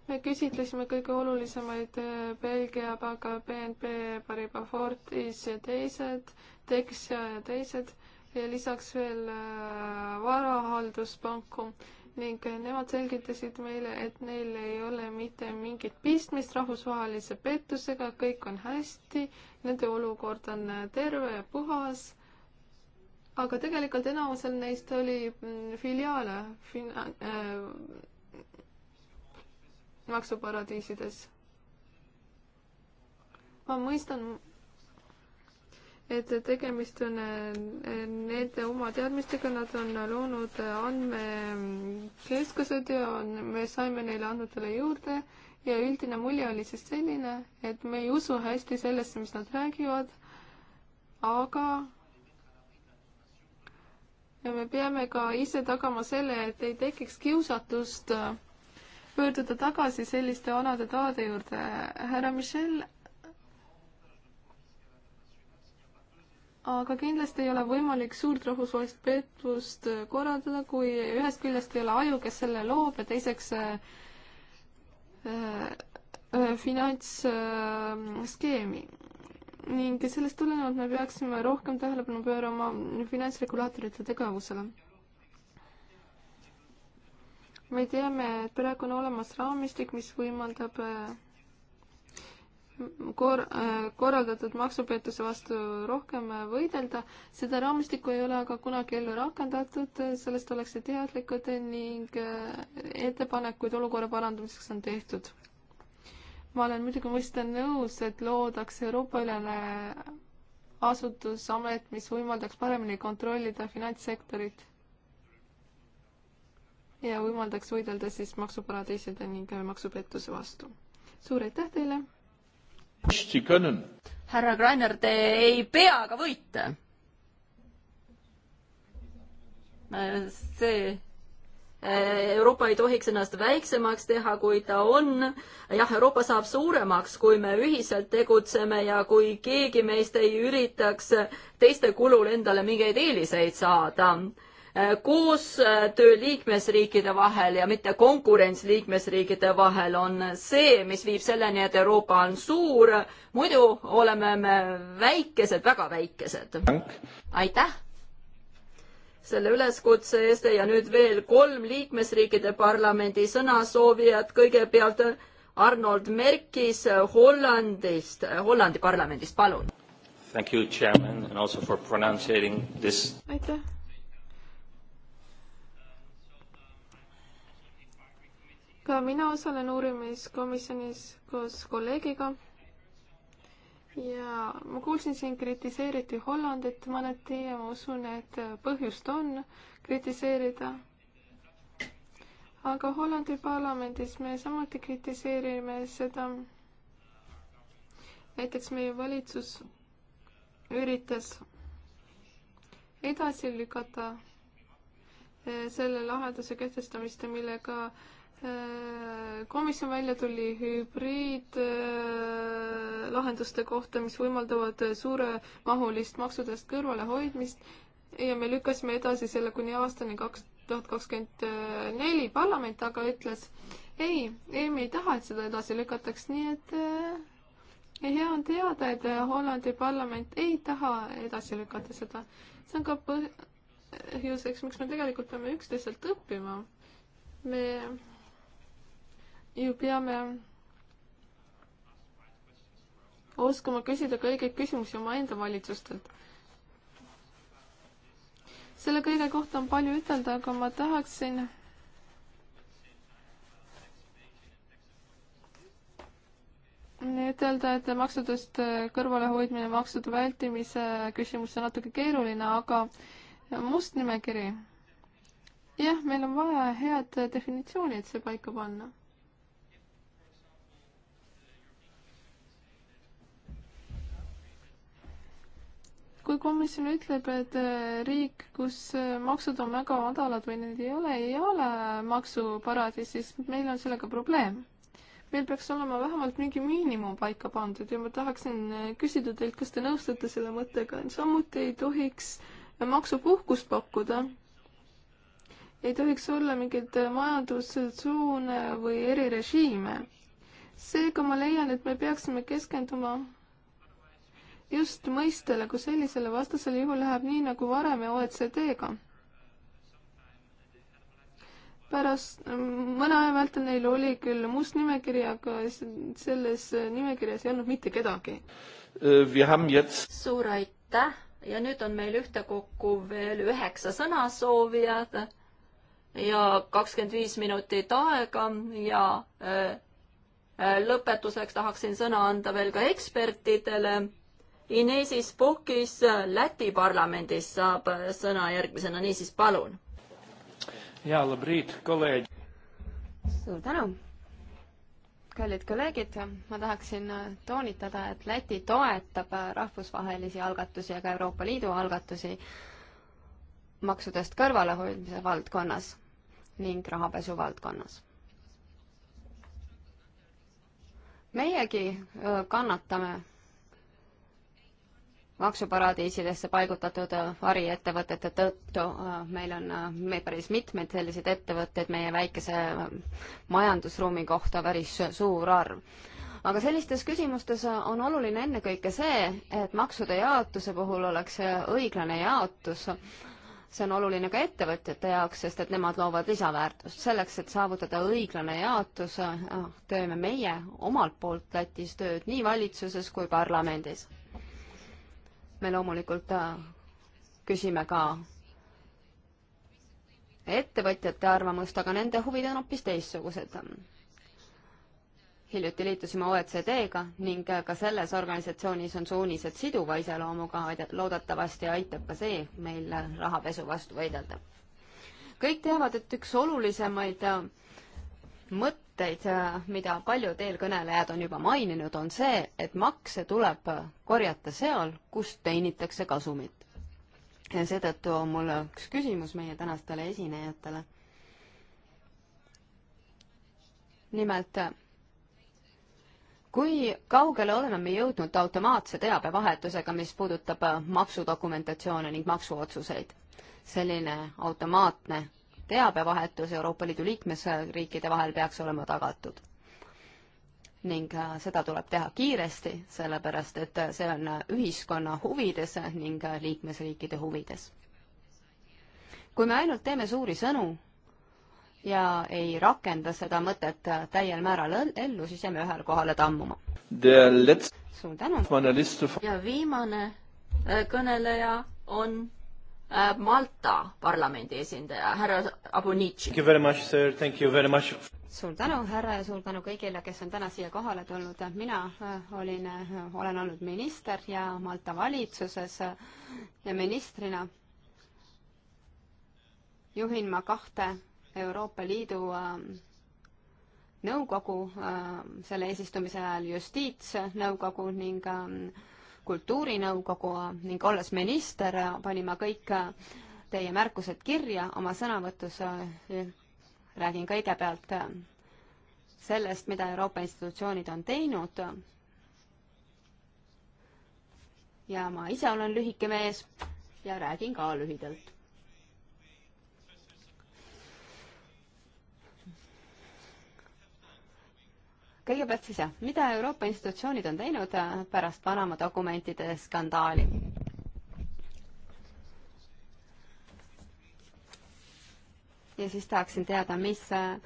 me küsitlesime kõige olulisemaid eh, Belgia panga BNP Paribas Fortis ja teised, Dexia ja teised ja lisaks veel eh, varahalduspanku ning eh, nemad selgitasid meile, et neil ei ole mitte mingit pistmist rahvusvahelise pettusega, kõik on hästi, nende olukord on terve ja puhas aga tegelikult enamusel neist oli mm, filiaale fina- äh,, maksuparadiisides. ma mõistan, et tegemist on äh, nende oma teadmistega, nad on loonud andmekeskused ja on, me saime neile andmetele juurde ja üldine mulje oli siis selline, et me ei usu hästi sellesse, mis nad räägivad, aga ja me peame ka ise tagama selle, et ei tekiks kiusatust äh, pöörduda tagasi selliste vanade taade juurde. härra Michel, aga kindlasti ei ole võimalik suurt rahvusvahelist pettust äh, korraldada, kui ühest küljest ei ole aju, kes selle loob ja teiseks äh, äh, äh finantsskeemi äh, ning sellest tulenevalt me peaksime rohkem tähelepanu pöörama finantsregulaatorite tegevusele. me teame, et praegu on olemas raamistik, mis võimaldab äh, kor-, äh, korraldatud maksupeetuse vastu rohkem äh, võidelda. seda raamistikku ei ole aga kunagi ellu rakendatud, sellest ollakse teadlikud ning ettepanekuid olukorra parandamiseks on tehtud ma olen muidugi mõistan nõus, et loodaks Euroopa-ülene asutus, amet, mis võimaldaks paremini kontrollida finantssektorit ja võimaldaks võidelda siis maksuparadiiside ning maksupettuse vastu. suur aitäh teile! härra Greiner, te ei pea, aga võite. see Äh, Euroopa ei tohiks ennast väiksemaks teha, kui ta on. jah, Euroopa saab suuremaks, kui me ühiselt tegutseme ja kui keegi meist ei üritaks teiste kulul endale mingeid eeliseid saada. Äh, koostöö äh, liikmesriikide vahel ja mitte konkurents liikmesriikide vahel on see, mis viib selleni, et Euroopa on suur. muidu oleme me väikesed, väga väikesed. aitäh selle üleskutse eest ja nüüd veel kolm liikmesriikide parlamendi sõnasoovijat, kõigepealt Arnold Merkis Hollandist, Hollandi parlamendist, palun. aitäh. ka mina osalen uurimiskomisjonis koos kolleegiga ja ma kuulsin siin kritiseeriti Hollandit mõneti ja ma usun, et põhjust on kritiseerida. aga Hollandi parlamendis me samuti kritiseerime seda. näiteks meie valitsus üritas edasi lükata eh, selle lahenduse kehtestamist, millega Äh, komisjon välja tuli hübriidlahenduste äh, kohta, mis võimaldavad äh, suuremahulist maksudest kõrvalehoidmist ja me lükkasime edasi selle kuni aastani kaks tuhat kakskümmend neli. parlament aga ütles ei, ei, me ei taha, et seda edasi lükataks, nii et hea on teada, et Hollandi parlament ei taha edasi lükata seda. see on ka põhjuseks, miks me tegelikult peame üksteiselt õppima. me ju peame oskama küsida ka õigeid küsimusi omaenda valitsustelt. selle kõige kohta on palju ütelda, aga ma tahaksin ütelda, et maksudest kõrvalehoidmine, maksude vältimise küsimus on natuke keeruline, aga must nimekiri. jah, meil on vaja head definitsioonid see paika panna kui komisjon ütleb, et äh, riik, kus äh, maksud on väga madalad või neid ei ole, ei ole maksuparadiis, siis meil on sellega probleem. meil peaks olema vähemalt mingi miinimum paika pandud ja ma tahaksin äh, küsida teilt, kas te nõustute selle mõttega, samuti ei tohiks maksupuhkust pakkuda ei tohiks olla mingeid majandustsoone või erirežiime. seega ma leian, et me peaksime keskenduma just mõistele kui sellisele, vastasel juhul läheb nii nagu varem ja OECD-ga. pärast, mm, mõne aja vältel neil oli küll must nimekiri, aga selles nimekirjas ei olnud mitte kedagi. Äh, suur aitäh ja nüüd on meil ühtekokku veel üheksa sõnasoovijat ja kakskümmend viis minutit aega ja äh, äh, lõpetuseks tahaksin sõna anda veel ka ekspertidele Inesis Pukis Läti parlamendis saab sõna järgmisena, niisiis palun. jaa, Labriit, kolleeg. suur tänu. kallid kolleegid, ma tahaksin toonitada, et Läti toetab rahvusvahelisi algatusi ja ka Euroopa Liidu algatusi maksudest kõrvalehoidmise valdkonnas ning rahapesu valdkonnas. meiegi kannatame maksuparadiisidesse paigutatud äh, variettevõtete tõttu äh, meil on äh, me päris mitmeid selliseid ettevõtteid meie väikese majandusruumi kohta päris suur arv. aga sellistes küsimustes on oluline ennekõike see, et maksude jaotuse puhul oleks õiglane jaotus see on oluline ka ettevõtjate jaoks, sest et nemad loovad lisaväärtust. selleks, et saavutada õiglane jaotus, teeme meie omalt poolt Lätis tööd nii valitsuses kui parlamendis me loomulikult äh, küsime ka ettevõtjate arvamust, aga nende huvid on hoopis teistsugused. hiljuti liitusime OECD-ga ning ka selles organisatsioonis on suunised siduva iseloomuga, loodetavasti aitab ka see meil rahapesu vastu võidelda. kõik teavad, et üks olulisemaid äh, mõtteid mõtteid, äh, mida paljud eelkõnelejad on juba maininud, on see, et makse tuleb korjata seal, kus teenitakse kasumit. ja seetõttu on mul üks küsimus meie tänastele esinejatele. nimelt, kui kaugele oleme jõudnud automaatse teabevahetusega, mis puudutab maksudokumentatsioone ning maksuotsuseid? selline automaatne teabevahetus Euroopa Liidu liikmesriikide vahel peaks olema tagatud. ning äh, seda tuleb teha kiiresti, sellepärast et äh, see on äh, ühiskonna huvides ning liikmesriikide huvides. kui me ainult teeme suuri sõnu, ja ei rakenda seda mõtet täiel määral ellu, siis jääme ühele kohale tammuma. suur tänu! ja viimane kõneleja on Äh, Malta parlamendi esindaja, härra Abunitši. suur tänu, härra, ja suur tänu kõigile, kes on täna siia kohale tulnud. mina äh, olin, äh, olen olnud minister ja Malta valitsuses ja ministrina juhin ma kahte Euroopa Liidu nõukogu selle eesistumise ajal, justiitsnõukogu ning kultuurinõukogu ning olles minister, panin ma kõik teie märkused kirja oma sõnavõtus. räägin kõigepealt sellest, mida Euroopa institutsioonid on teinud. ja ma ise olen lühike mees ja räägin ka lühidalt kõigepealt siis jah, mida Euroopa institutsioonid on teinud äh, pärast Panama dokumentide skandaali? ja siis tahaksin teada, mis äh,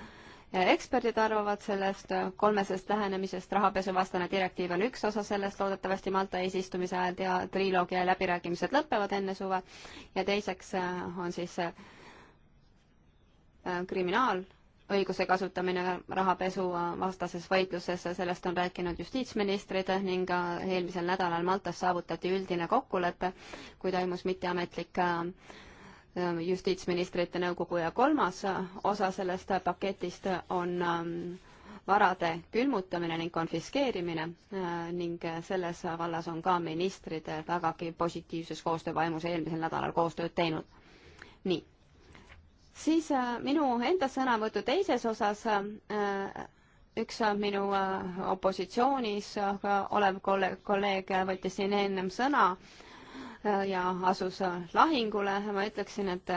eksperdid arvavad sellest äh, kolmesest lähenemisest, rahapesuvastane direktiiv on üks osa sellest, loodetavasti Malta eesistumise ajal ja triloogi ja läbirääkimised lõpevad enne suve ja teiseks on siis kriminaal- õiguse kasutamine rahapesu vastases võitluses, sellest on rääkinud justiitsministrid ning eelmisel nädalal Maltas saavutati üldine kokkulepe, kui toimus mitteametlik äh, justiitsministrite nõukogu ja kolmas osa sellest paketist on ähm, varade külmutamine ning konfiskeerimine äh, ning selles vallas on ka ministrid vägagi positiivses koostöövaimus eelmisel nädalal koostööd teinud. nii siis äh, minu enda sõnavõtu teises osas äh, üks äh, minu opositsioonis olev kolleeg võttis siin ennem sõna ja asus lahingule. ma ütleksin, et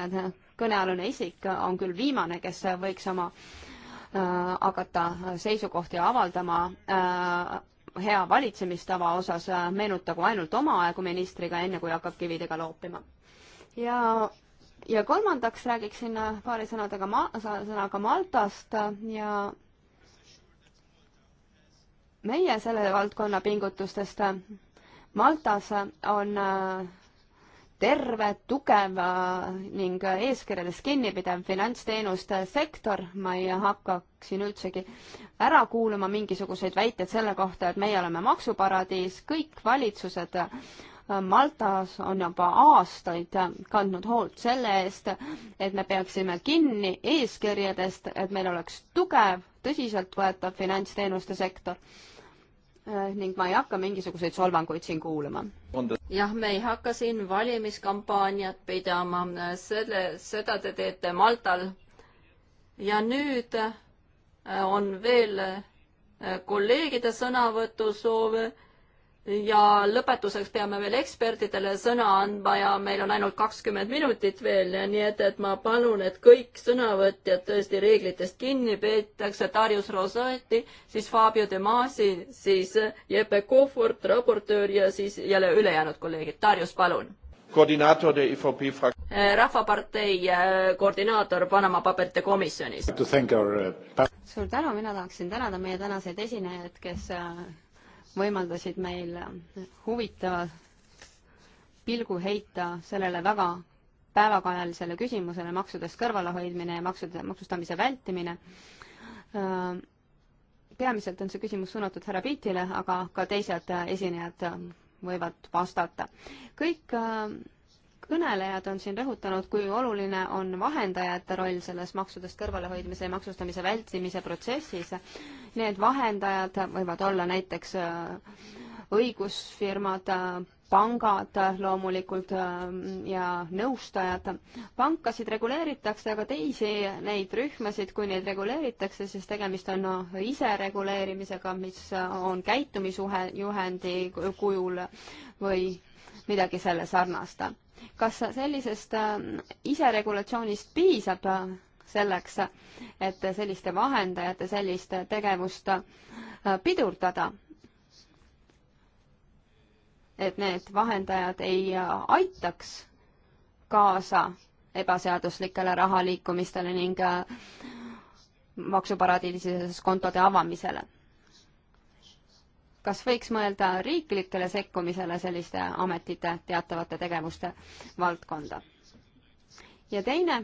kõnealune isik on küll viimane, kes võiks oma hakata seisukohti avaldama hea valitsemistava osas, meenutagu ainult omaaegu ministriga, enne kui hakkab kividega loopima. ja ja kolmandaks räägiksin äh, paari sõnadega ma-, sõnaga Maltast äh, ja meie selle valdkonna pingutustest äh, Maltas on terve, tugev ning eeskirjades kinnipidev finantsteenuste sektor, ma ei hakka siin üldsegi ära kuulama mingisuguseid väiteid selle kohta, et meie oleme maksuparadiis, kõik valitsused Maltas on juba aastaid kandnud hoolt selle eest, et me peaksime kinni eeskirjadest, et meil oleks tugev, tõsiseltvõetav finantsteenuste sektor. ning ma ei hakka mingisuguseid solvanguid siin kuulama. jah, me ei hakka siin valimiskampaaniat pidama, selle, seda te teete Maltal. ja nüüd äh, on veel äh, kolleegide sõnavõtusoove ja lõpetuseks peame veel ekspertidele sõna andma ja meil on ainult kakskümmend minutit veel, nii et, et ma palun, et kõik sõnavõtjad tõesti reeglitest kinni peetakse, Darius Rosati, siis Fabio De Masi, siis Jeppe Kohvort, raportöör ja siis jälle ülejäänud kolleegid. Darius, palun. koordinaator de IFOP frak-. Eh, rahvapartei eh, koordinaator Panama paberite komisjonis. Eh, suur tänu, mina tahaksin tänada meie tänaseid esinejaid, kes võimaldasid meil huvitava pilgu heita sellele väga päevakajalisele küsimusele maksudest kõrvalehoidmine ja maksude, maksustamise vältimine. Äh, peamiselt on see küsimus suunatud härra Piitile, aga ka teised esinejad võivad vastata. kõik äh, kõnelejad on siin rõhutanud, kui oluline on vahendajate roll selles maksudest kõrvalehoidmise ja maksustamise vältimise protsessis. Need vahendajad võivad olla näiteks äh, õigusfirmad, äh, pangad loomulikult äh, ja nõustajad. pankasid reguleeritakse, aga teisi neid rühmasid, kui neid reguleeritakse, siis tegemist on no, isereguleerimisega, mis on käitumisjuhendi kujul või midagi selle sarnast kas sellisest äh, iseregulatsioonist piisab äh, selleks, et selliste vahendajate sellist tegevust äh, pidurdada? et need vahendajad ei aitaks kaasa ebaseaduslikele rahaliikumistele ning maksuparadiisides kontode avamisele kas võiks mõelda riiklikele sekkumisele selliste ametite teatavate tegevuste valdkonda? ja teine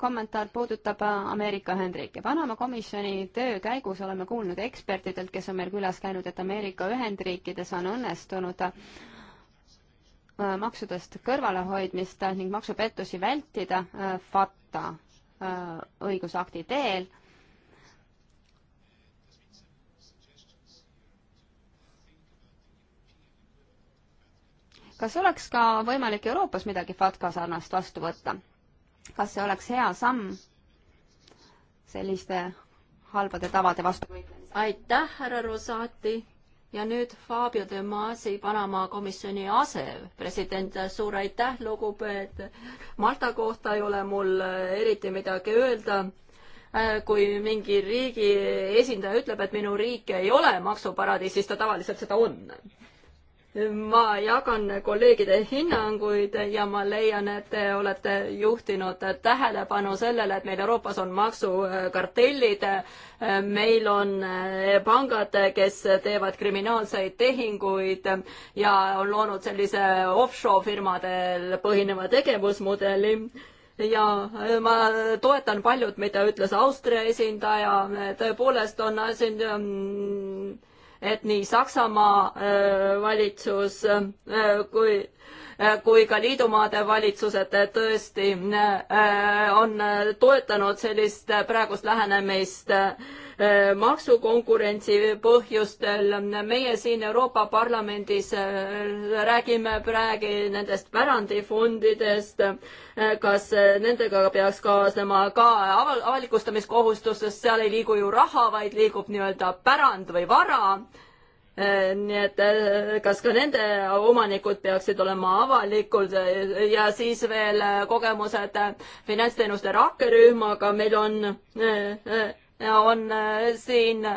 kommentaar puudutab Ameerika Ühendriike. Panama komisjoni töö käigus oleme kuulnud ekspertidelt, kes on meil külas käinud, et Ameerika Ühendriikides on õnnestunud äh, maksudest kõrvalehoidmist ning maksupettusi vältida äh, FATA äh, õigusakti teel kas oleks ka võimalik Euroopas midagi FATKA sarnast vastu võtta? kas see oleks hea samm selliste halbade tavade vastu võitlemisel? aitäh, härra Rosati ja nüüd Fabio De Masi, Panama komisjoni asepresident, suur aitäh, lugupeetud. Malta kohta ei ole mul eriti midagi öelda kui mingi riigi esindaja ütleb, et minu riik ei ole maksuparadiis, siis ta tavaliselt seda on ma jagan kolleegide hinnanguid ja ma leian, et te olete juhtinud tähelepanu sellele, et meil Euroopas on maksukartellid, meil on pangad, kes teevad kriminaalseid tehinguid ja on loonud sellise offshore firmadel põhineva tegevusmudeli ja ma toetan paljut, mida ütles Austria esindaja, tõepoolest on siin mm, et nii Saksamaa äh, valitsus äh, kui, äh, kui ka liidumaade valitsused tõesti on toetanud sellist praegust lähenemist Äh, maksukonkurentsi põhjustel. meie siin Euroopa Parlamendis äh, räägime praegu nendest pärandifondidest, äh, kas nendega peaks kaasnema ka avalikustamiskohustus, sest seal ei liigu ju raha, vaid liigub nii-öelda pärand või vara nii et kas ka nende omanikud peaksid olema avalikud ja siis veel kogemused finantsteenuste rakkerühmaga, meil on on äh, siin äh,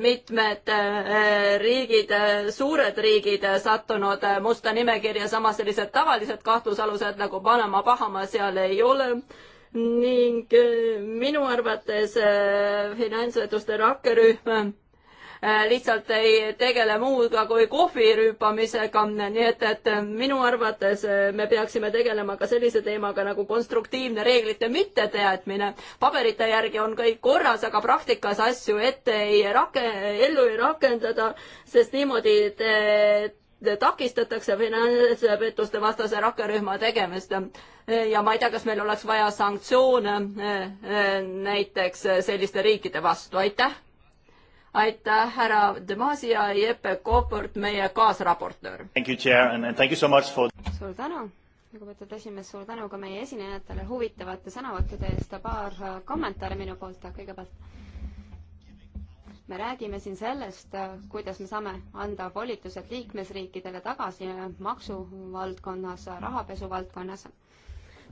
mitmed äh, riigid, suured riigid sattunud musta nimekirja, samas sellised tavalised kahtlusalused nagu Panama, Bahama seal ei ole ning minu arvates finantsvetuste rakkerühm Äh, lihtsalt ei tegele muuga kui kohvi rüüpamisega, nii et, et äh, minu arvates äh, me peaksime tegelema ka sellise teemaga nagu konstruktiivne reeglite mitteteadmine. paberite järgi on kõik korras, aga praktikas asju ette ei rake-, ellu ei rakendada, sest niimoodi te, te takistatakse finantspettuste vastase rakkerühma tegemist. ja ma ei tea, kas meil oleks vaja sanktsioone näiteks selliste riikide vastu, aitäh aitäh, härra Demasi ja Jeppe Koopert, meie kaasraportöör. For... suur tänu, lugupeetud esimees, suur tänu ka meie esinejatele huvitavate sõnavõttude eest. paar äh, kommentaari minu poolt äh, kõigepealt me räägime siin sellest, äh, kuidas me saame anda volitused liikmesriikidele tagasi maksuvaldkonnas, rahapesu valdkonnas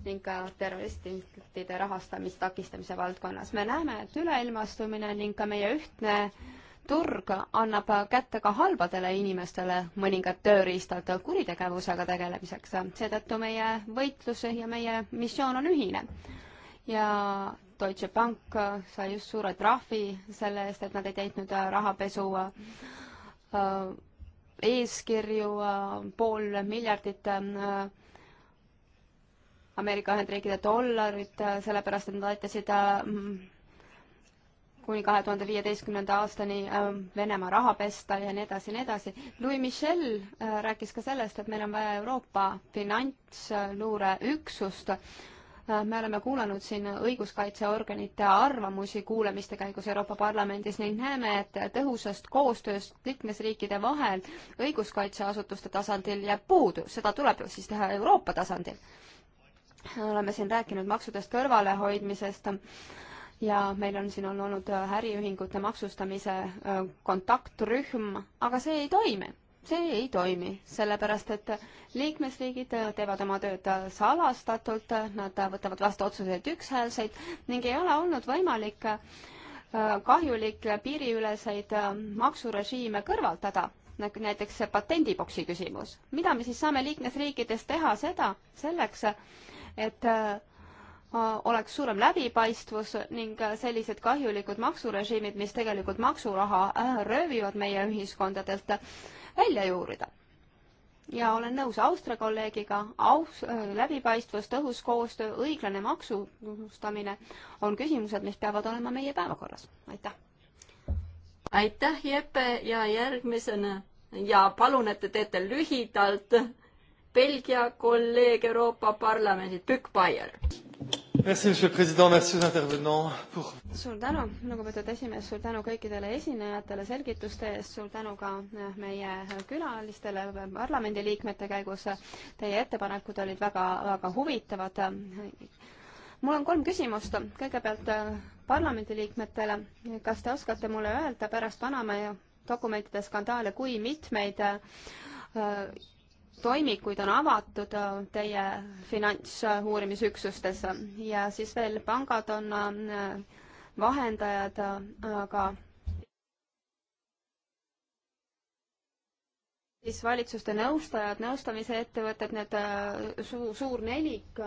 ning ka terroristide rahastamist takistamise valdkonnas. me näeme, et üleilmastumine ning ka meie ühtne turg annab kätte ka halbadele inimestele mõningad tööriistad kuritegevusega tegelemiseks. seetõttu meie võitlus ja meie missioon on ühine. ja Deutsche Bank sai just suure trahvi selle eest, et nad ei täitnud rahapesu äh, eeskirju, äh, pool miljardit äh, Ameerika Ühendriikide dollarit, äh, sellepärast et nad aitasid äh, kuni kahe tuhande viieteistkümnenda aastani äh, Venemaa raha pesta ja nii edasi ja nii edasi. Louis Michel rääkis ka sellest, et meil on vaja Euroopa finantsluureüksust. me oleme kuulanud siin õiguskaitseorganite arvamusi kuulamiste käigus Euroopa Parlamendis ning näeme, et tõhusast koostööst liikmesriikide vahel õiguskaitseasutuste tasandil jääb puudu, seda tuleb siis teha Euroopa tasandil oleme siin rääkinud maksudest kõrvalehoidmisest ja meil on siin on olnud äh, äriühingute maksustamise äh, kontaktrühm, aga see ei toimi. see ei toimi, sellepärast et liikmesriigid äh, teevad oma tööd salastatult, nad võtavad vastu otsuseid ükshäälseid ning ei ole olnud võimalik kahjulikke piiriüleseid maksurežiime kõrvaldada nagu näiteks see patendiboksi küsimus. mida me siis saame liikmesriikides teha seda, selleks, et äh, oleks suurem läbipaistvus ning äh, sellised kahjulikud maksurežiimid, mis tegelikult maksuraha äh, röövivad meie ühiskondadelt, välja juurida. ja olen nõus Austria kolleegiga, aus äh,, läbipaistvus, tõhus koostöö, õiglane maksustamine on küsimused, mis peavad olema meie päevakorras. aitäh! aitäh, Jeppe, ja järgmisena ja palun, et te teete lühidalt Belgia kolleeg Euroopa Parlamendist, Pükk Baier. suur tänu, lugupeetud esimees, suur tänu kõikidele esinejatele selgituste eest, suur tänu ka eh, meie külalistele parlamendiliikmete käigus. Teie ettepanekud olid väga, väga huvitavad. mul on kolm küsimust, kõigepealt eh, parlamendiliikmetele, kas te oskate mulle öelda pärast Panama dokumentide skandaale, kui mitmeid eh, toimikuid on avatud äh, teie finantsuurimisüksustes ja siis veel pangad on äh, vahendajad, äh, aga siis valitsuste nõustajad, nõustamise ettevõtted, need suu-, suur nelik.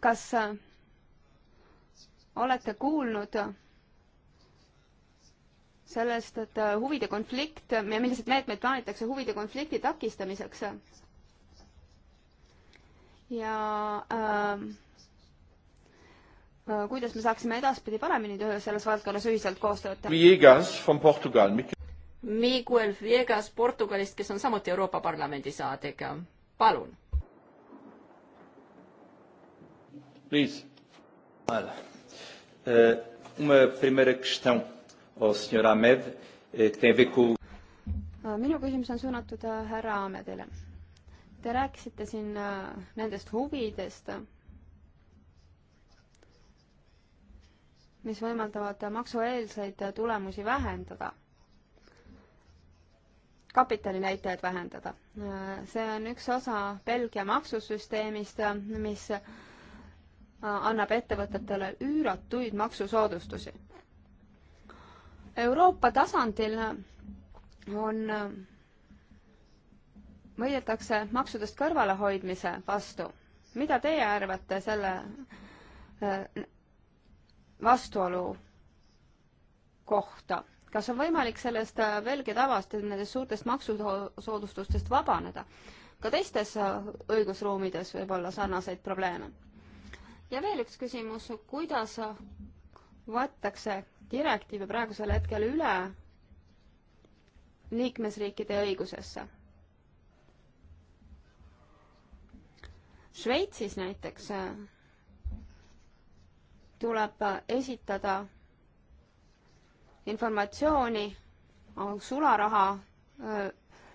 kas olete kuulnud sellest, et äh, huvide konflikt ja milliseid meetmeid plaanitakse huvide konflikti takistamiseks. ja ähm, äh, kuidas me saaksime edaspidi paremini selles valdkonnas ühiselt koostööd teha? Viegas from Portugal. Miguel Viegas Portugalist, kes on samuti Euroopa Parlamendi saadik. palun. Please. Eh, uma primeira questão ao Sr. Ahmed, eh, que tem a ver com... Ah, minu küsimus on suunatud ah, härra Ahmedile. Te rääkisite siin ah, nendest huvidest, mis võimaldavad maksueelseid tulemusi vähendada, kapitalinäitajaid vähendada. see on üks osa Belgia maksusüsteemist, mis annab ettevõtetele üüratuid maksusoodustusi Euroopa tasandil on, võideldakse maksudest kõrvalehoidmise vastu. mida teie arvate selle eh, vastuolu kohta? kas on võimalik sellest eh, veelgi tavast, nendest suurtest maksusoodustustest vabaneda? ka teistes eh, õigusruumides võib olla sarnaseid probleeme. ja veel üks küsimus, kuidas võetakse direktiive praegusel hetkel üle liikmesriikide õigusesse. Šveitsis näiteks äh, tuleb äh, esitada informatsiooni äh, sularaha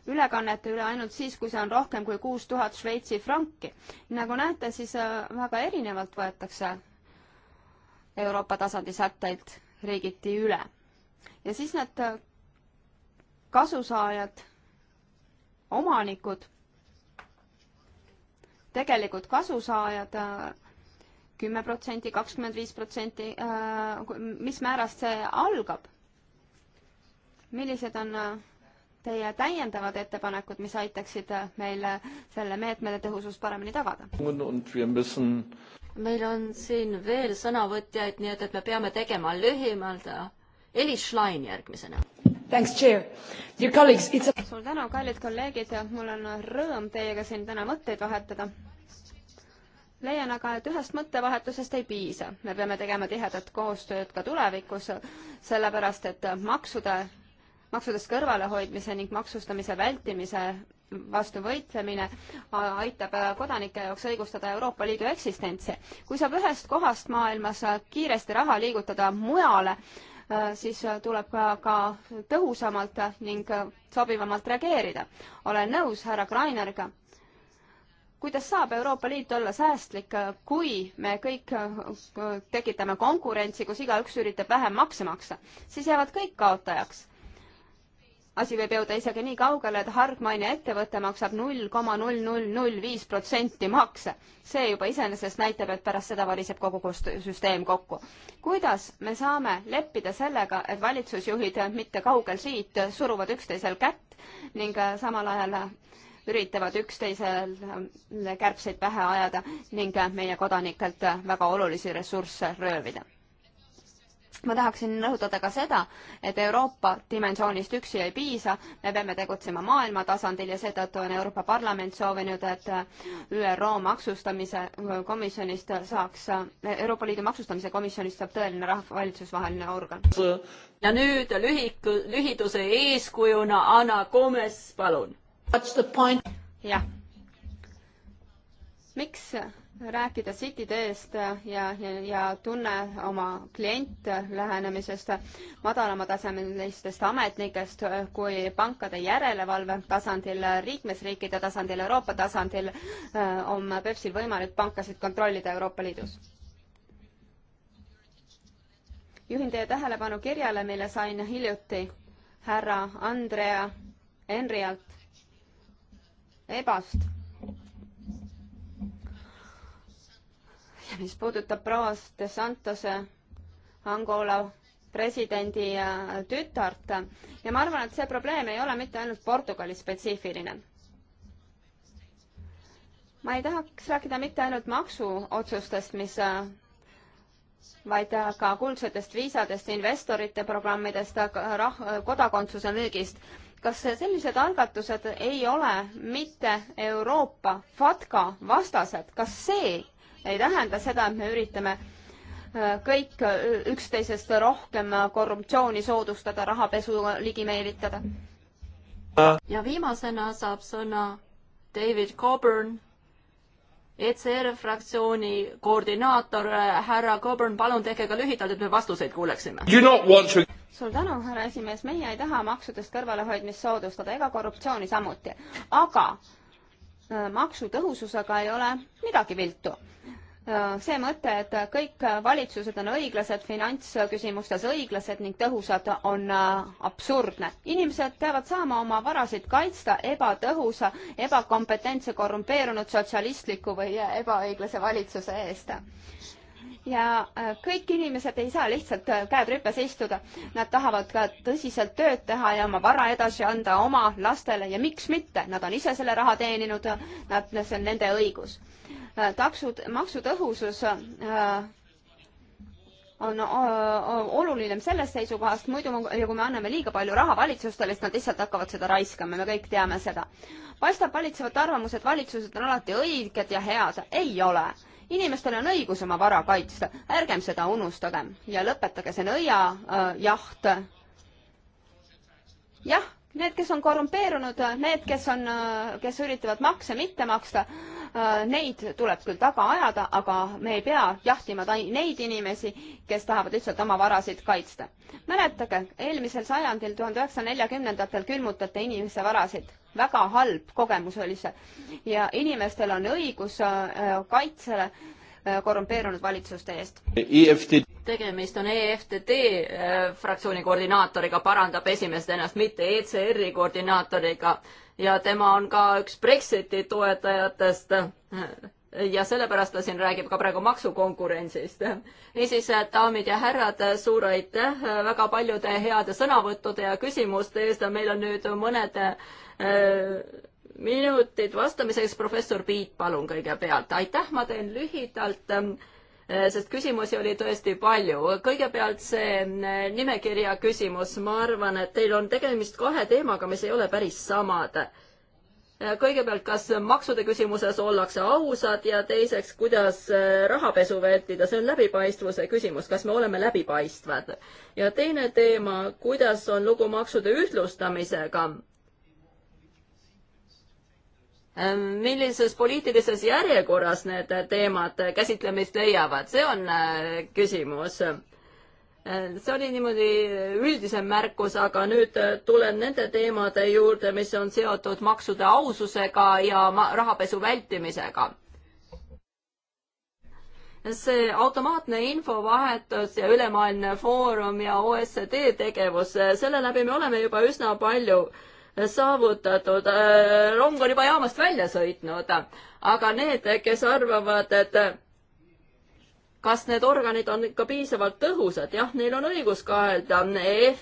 ülekannete üle ainult siis, kui see on rohkem kui kuus tuhat Šveitsi franki. nagu näete, siis väga erinevalt võetakse Euroopa tasandi sätteid riigiti üle. ja siis need äh, kasusaajad, omanikud, tegelikud kasusaajad, äh, kümme protsenti, kakskümmend viis protsenti, äh, mis määrast see algab? millised on teie täiendavad ettepanekud, mis aitaksid meil selle meetmele tõhusust paremini tagada? meil on siin veel sõnavõtjaid, nii et, et me peame tegema lühimalt. Elis Schlein järgmisena. Thanks, Chair. Dear colleagues, it's a... suur tänu, kallid kolleegid, mul on rõõm teiega siin täna mõtteid vahetada. leian aga, et ühest mõttevahetusest ei piisa. me peame tegema tihedat koostööd ka tulevikus, sellepärast et maksude maksudest kõrvalehoidmise ning maksustamise vältimise vastu võitlemine aitab äh, kodanike jaoks õigustada Euroopa Liidu eksistentsi. kui saab ühest kohast maailmas äh, kiiresti raha liigutada mujale, äh, siis tuleb ka, ka tõhusamalt ning sobivamalt reageerida. olen nõus härra Graineriga. kuidas saab Euroopa Liit olla säästlik, kui me kõik tekitame konkurentsi, kus igaüks üritab vähem makse maksta, siis jäävad kõik kaotajaks asi võib jõuda isegi nii kaugele, et hargmaine ettevõte maksab null koma null null null viis protsenti makse. see juba iseenesest näitab, et pärast seda variseb kogu süsteem kokku. kuidas me saame leppida sellega, et valitsusjuhid mitte kaugel siit suruvad üksteisel kätt ning samal ajal üritavad üksteisele kärbseid pähe ajada ning meie kodanikelt väga olulisi ressursse röövida ma tahaksin rõhutada ka seda, et Euroopa dimensioonist üksi ei piisa, me peame tegutsema maailma tasandil ja seetõttu on Euroopa Parlament soovinud, et ÜRO maksustamise komisjonist saaks, Euroopa Liidu maksustamise komisjonist saab tõeline rahvavalitsusvaheline organ. ja nüüd lühik-, lühiduse eeskujuna Anna Gomes, palun. jah. miks rääkida City teest ja, ja, ja tunne oma kliente lähenemisest, madalamatasemelistest ametnikest kui pankade järelevalve tasandil, liikmesriikide tasandil, Euroopa tasandil äh, on Pepsil võimalik pankasid kontrollida Euroopa Liidus juhin teie tähelepanu kirjale, mille sain hiljuti härra Andrea Enrialt EBA-st ja mis puudutab proas de Santose Angola presidendi äh, tütart ja ma arvan, et see probleem ei ole mitte ainult Portugali spetsiifiline. ma ei tahaks rääkida mitte ainult maksuotsustest, mis äh, vaid äh, ka kuldsetest viisadest, investorite programmidest, rah-, kodakondsuse müügist. kas sellised algatused ei ole mitte Euroopa FATCA vastased, kas see ei tähenda seda, et me üritame äh, kõik äh, üksteisest rohkem äh, korruptsiooni soodustada, rahapesu ligi meelitada. ja viimasena saab sõna David Coburn, ECR fraktsiooni koordinaator, härra Coburn, palun tehke ka lühidalt, et me vastuseid kuuleksime. To... suur tänu, härra esimees, meie ei taha maksudest kõrvalehoidmist soodustada ega korruptsiooni samuti, aga maksutõhususega ei ole midagi viltu. Äh, see mõte, et kõik valitsused on õiglased, finantsküsimustes õiglased ning tõhusad, on äh, absurdne. inimesed peavad saama oma varasid kaitsta ebatõhusa, ebakompetentse, korrumpeerunud sotsialistliku või äh, ebaõiglase valitsuse eest ja kõik inimesed ei saa lihtsalt käed rüpes istuda, nad tahavad ka tõsiselt tööd teha ja oma vara edasi anda oma lastele ja miks mitte, nad on ise selle raha teeninud, nad, see on nende õigus Äh, taksud, maksutõhusus äh, äh, on oluline sellest seisukohast, muidu ja kui me anname liiga palju raha valitsustele, siis nad lihtsalt hakkavad seda raiskama, me kõik teame seda. paistab valitsevat arvamus, et valitsused on alati õiged ja head. ei ole. inimestel on õigus oma vara kaitsta, ärgem seda unustagem ja lõpetage see nõiajaht äh,. jah, Need, kes on korrumpeerunud, need, kes on, kes üritavad makse mitte maksta, neid tuleb küll taga ajada, aga me ei pea jahtima neid inimesi, kes tahavad lihtsalt oma varasid kaitsta. mäletage, eelmisel sajandil, tuhande üheksasaja neljakümnendatel külmutati inimese varasid. väga halb kogemus oli see ja inimestel on õigus äh, kaitsele Äh, korrumpeerunud valitsuste eest. E tegemist on EFTD äh, fraktsiooni koordinaatoriga, parandab esimest ennast, mitte ECR-i koordinaatoriga ja tema on ka üks Brexiti toetajatest ja sellepärast ta siin räägib ka praegu maksukonkurentsist. niisiis, daamid ja härrad, suur aitäh väga paljude heade sõnavõttude ja küsimuste eest ja meil on nüüd mõned äh, minutit vastamiseks, professor Piit, palun kõigepealt. aitäh, ma teen lühidalt, ähm, äh, sest küsimusi oli tõesti palju. kõigepealt see äh, nimekirja küsimus, ma arvan, et teil on tegemist kahe teemaga, mis ei ole päris samad. Äh, kõigepealt, kas maksude küsimuses ollakse ausad ja teiseks, kuidas rahapesu vältida, see on läbipaistvuse küsimus, kas me oleme läbipaistvad. ja teine teema, kuidas on lugu maksude ühtlustamisega Ähm, millises poliitilises järjekorras need teemad käsitlemist leiavad, see on äh, küsimus. Äh, see oli niimoodi üldisem märkus, aga nüüd äh, tulen nende teemade juurde, mis on seotud maksude aususega ja rahapesu vältimisega see automaatne infovahetus ja ülemaailmne foorum ja OSCD tegevus, selle läbi me oleme juba üsna palju äh, saavutatud, äh, rong on juba jaamast välja sõitnud, aga need, kes arvavad, et kas need organid on ikka piisavalt tõhusad, jah, neil on õigus kahelda,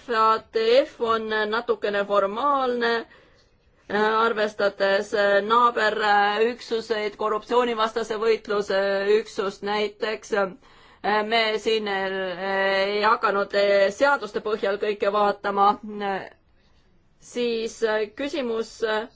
FATF on natukene formaalne äh, arvestades äh, naaberüksuseid, korruptsioonivastase võitluse üksust näiteks, me siin ei hakanud seaduste põhjal kõike vaatama, siis äh, küsimus äh,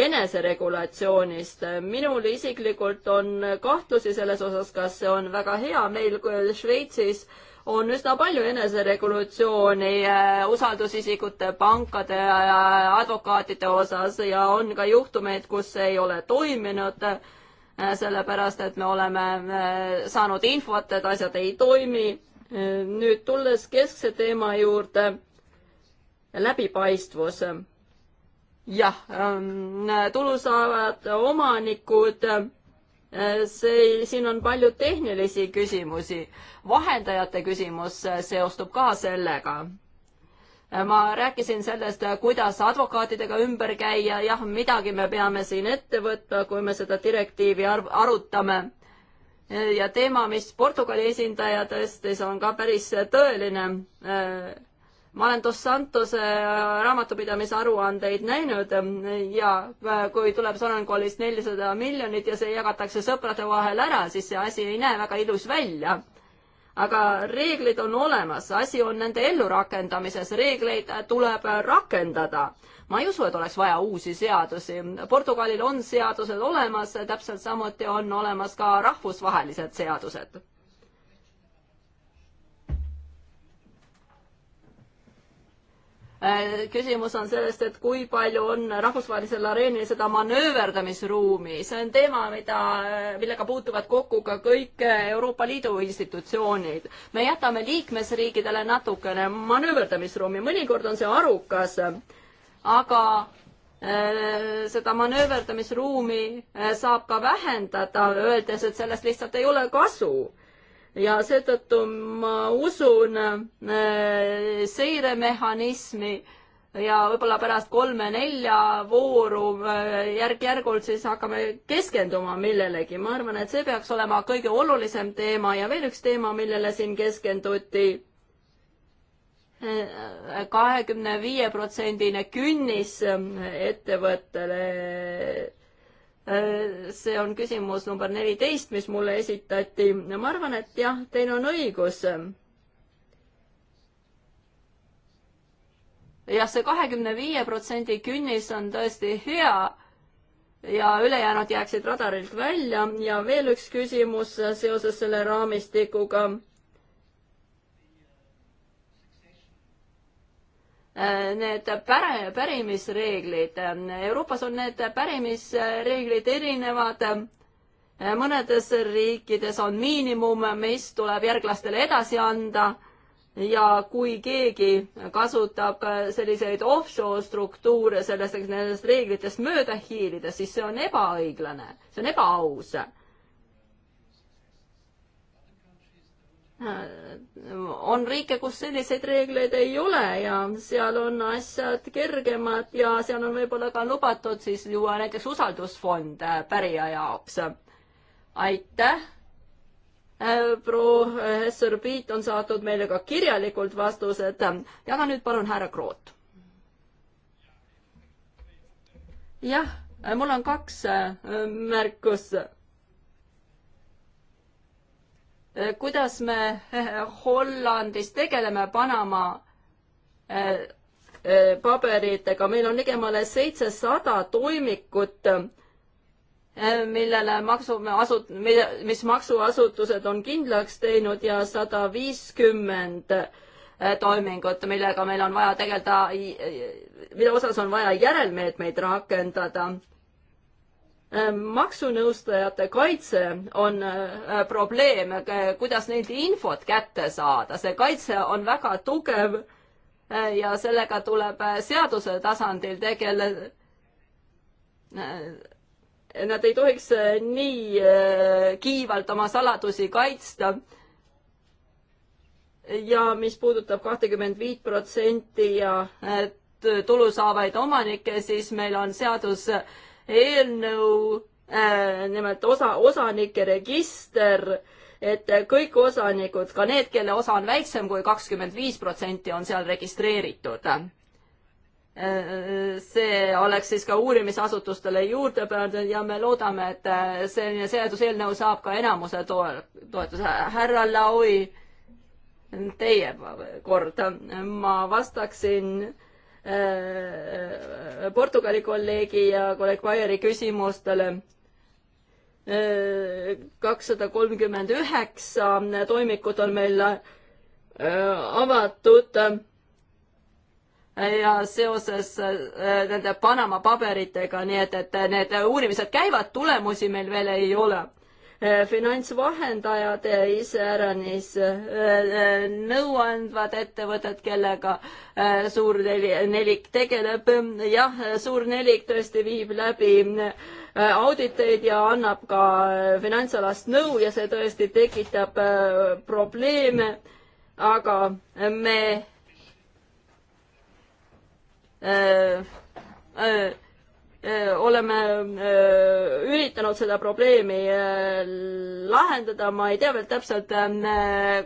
eneseregulatsioonist. minul isiklikult on kahtlusi selles osas, kas see on väga hea, meil Šveitsis on üsna palju eneseregulatsiooni äh, usaldusisikute, pankade ja advokaatide osas ja on ka juhtumeid, kus see ei ole toiminud, sellepärast et me oleme saanud infot, et asjad ei toimi. nüüd tulles keskse teema juurde läbipaistvus. jah, ähm, tulu saavad omanikud, äh, see, siin on palju tehnilisi küsimusi. vahendajate küsimus äh, seostub ka sellega äh, ma rääkisin sellest, kuidas advokaatidega ümber käia, jah, midagi me peame siin ette võtma, kui me seda direktiivi arv-, arutame. ja teema, mis Portugali esindaja tõstis, on ka päris tõeline ma olen Dos Santose äh, raamatupidamise aruandeid näinud ähm, ja äh, kui tuleb Sonenkolist nelisada miljonit ja see jagatakse sõprade vahel ära, siis see asi ei näe väga ilus välja. aga reeglid on olemas, asi on nende ellurakendamises, reegleid äh, tuleb rakendada. ma ei usu, et oleks vaja uusi seadusi. Portugalil on seadused olemas, täpselt samuti on olemas ka rahvusvahelised seadused Äh, küsimus on sellest, et kui palju on rahvusvahelisel areenil seda manööverdamisruumi, see on teema, mida, äh, millega puutuvad kokku ka kõik äh, Euroopa Liidu institutsioonid. me jätame liikmesriikidele natukene manööverdamisruumi, mõnikord on see arukas, aga seda manööverdamisruumi saab ka vähendada, öeldes, et sellest lihtsalt ei ole kasu ja seetõttu ma usun äh, seiremehhanismi ja võib-olla pärast kolme-nelja vooru äh, järk-järgult siis hakkame keskenduma millelegi. ma arvan, et see peaks olema kõige olulisem teema ja veel üks teema, millele siin keskenduti. Äh, kahekümne viie protsendine künnis ettevõttele Äh, see on küsimus number neliteist, mis mulle esitati. ma arvan, et jah, teil on õigus. jah, see kahekümne viie protsendi künnis on tõesti hea ja ülejäänud jääksid radarilt välja ja veel üks küsimus seoses selle raamistikuga need päre, pärimisreeglid. Euroopas on need pärimisreeglid erinevad. mõnedes riikides on miinimum, mis tuleb järglastele edasi anda ja kui keegi kasutab selliseid offshore struktuure sellest, nendest reeglitest mööda hiilides, siis see on ebaõiglane, see on ebaaus on riike, kus selliseid reegleid ei ole ja seal on asjad kergemad ja seal on võib-olla ka lubatud siis luua näiteks usaldusfond äh, pärija jaoks. aitäh! Äh, professor äh, Piit on saatnud meile ka kirjalikult vastused. jaga nüüd palun härra Kroot. jah, mul on kaks märkust Äh, kuidas me äh, Hollandis tegeleme Panama äh, paberitega, meil on ligemale seitsesada toimikut, millele maksuasut-, mis maksuasutused on kindlaks teinud ja sada viiskümmend toimingut, millega meil on vaja tegeleda, mille osas on vaja järelmeetmeid rakendada Äh, maksunõustajate kaitse on äh, probleem, äh, kuidas neilt infot kätte saada, see kaitse on väga tugev ja sellega tuleb seaduse tasandil tegeleda. Nad ei tohiks nii kiivalt oma saladusi kaitsta. ja mis puudutab kahtekümmend viit protsenti ja tulu saavaid omanikke, siis meil on seadus eelnõu äh,, nimelt osa, osanike register, et kõik osanikud, ka need, kelle osa on väiksem kui kakskümmend viis protsenti, on seal registreeritud äh, see oleks siis ka uurimisasutustele juurdepääs ja me loodame, et äh, selline seaduseelnõu saab ka enamuse to toetuse. härra Laui, teie kord, ma vastaksin Äh, Portugali kolleegi ja kolleeg Vaieri küsimustele äh, kakssada kolmkümmend üheksa toimikut on meil äh, avatud ja seoses nende Panama paberitega, nii et, et need uurimised käivad, tulemusi meil veel ei ole Eh, finantsvahendajad iseäranis eh, eh, nõuandvad ettevõtted, kellega suur nelik tegeleb. jah, suur nelik tõesti viib läbi auditeid ja annab ka finantsalast nõu ja see tõesti tekitab probleeme, aga me äh, äh, Äh, oleme äh, üritanud seda probleemi äh, lahendada, ma ei tea veel täpselt,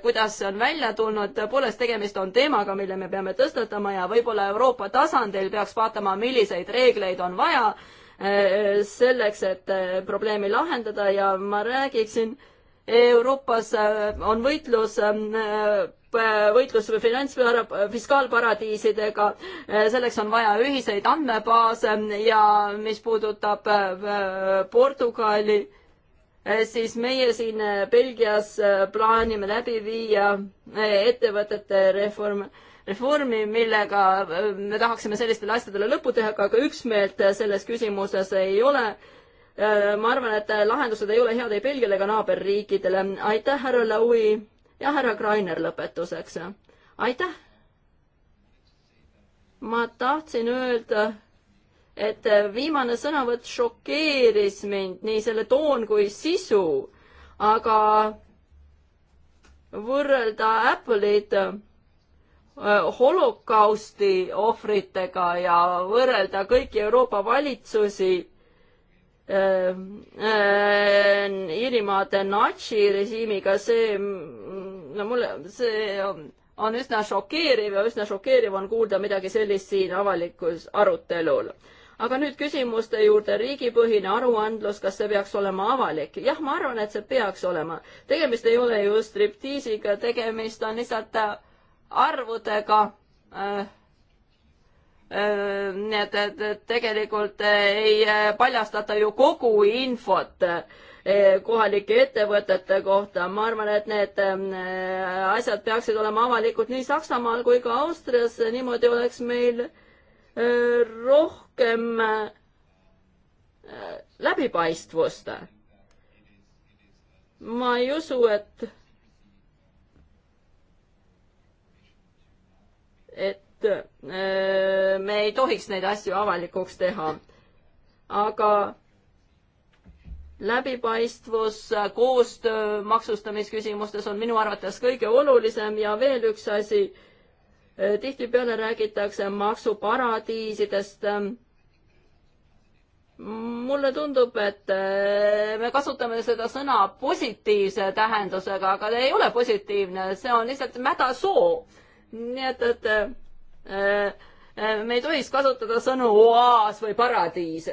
kuidas see on välja tulnud, tõepoolest tegemist on teemaga, mille me peame tõstatama ja võib-olla Euroopa tasandil peaks vaatama, milliseid reegleid on vaja selleks, et probleemi lahendada ja ma räägiksin, Euroopas on võitlus võitlus finants, fiskaalparadiisidega, selleks on vaja ühiseid andmebaase ja mis puudutab äh, Portugali, äh, siis meie siin Belgias äh, plaanime läbi viia ettevõtete reform, reformi, millega me tahaksime sellistele asjadele lõpu teha, aga üksmeelt selles küsimuses ei ole ma arvan, et lahendused ei ole head ei Belgiale ega naaberriikidele. aitäh, härra Laui ja härra Grainer lõpetuseks. aitäh! ma tahtsin öelda, et viimane sõnavõtt šokeeris mind, nii selle toon kui sisu, aga võrrelda Apple'it äh, holokausti ohvritega ja võrrelda kõiki Euroopa valitsusi Ehm, ehm, Iirimaade natsi režiimiga, see, no mulle, see on, on üsna šokeeriv ja üsna šokeeriv on kuulda midagi sellist siin avalikus arutelul. aga nüüd küsimuste juurde, riigipõhine aruandlus, kas see peaks olema avalik? jah, ma arvan, et see peaks olema. tegemist ei ole ju striptiisiga, tegemist on lihtsalt arvudega äh, Äh, nii et, et tegelikult äh, ei äh, paljastata ju kogu infot kohalike ettevõtete kohta. ma arvan, et need asjad peaksid olema avalikud nii Saksamaal kui ka Austrias, niimoodi oleks meil rohkem läbipaistvust. ma ei usu, et, et et äh, me ei tohiks neid asju avalikuks teha. aga läbipaistvus koostöö maksustamisküsimustes on minu arvates kõige olulisem ja veel üks asi. Äh, tihtipeale räägitakse maksuparadiisidest mulle tundub, et äh, me kasutame seda sõna positiivse tähendusega, aga ta ei ole positiivne, see on lihtsalt mäda soo. nii et, et Äh, äh, me ei tohiks kasutada sõnu oaas või paradiis.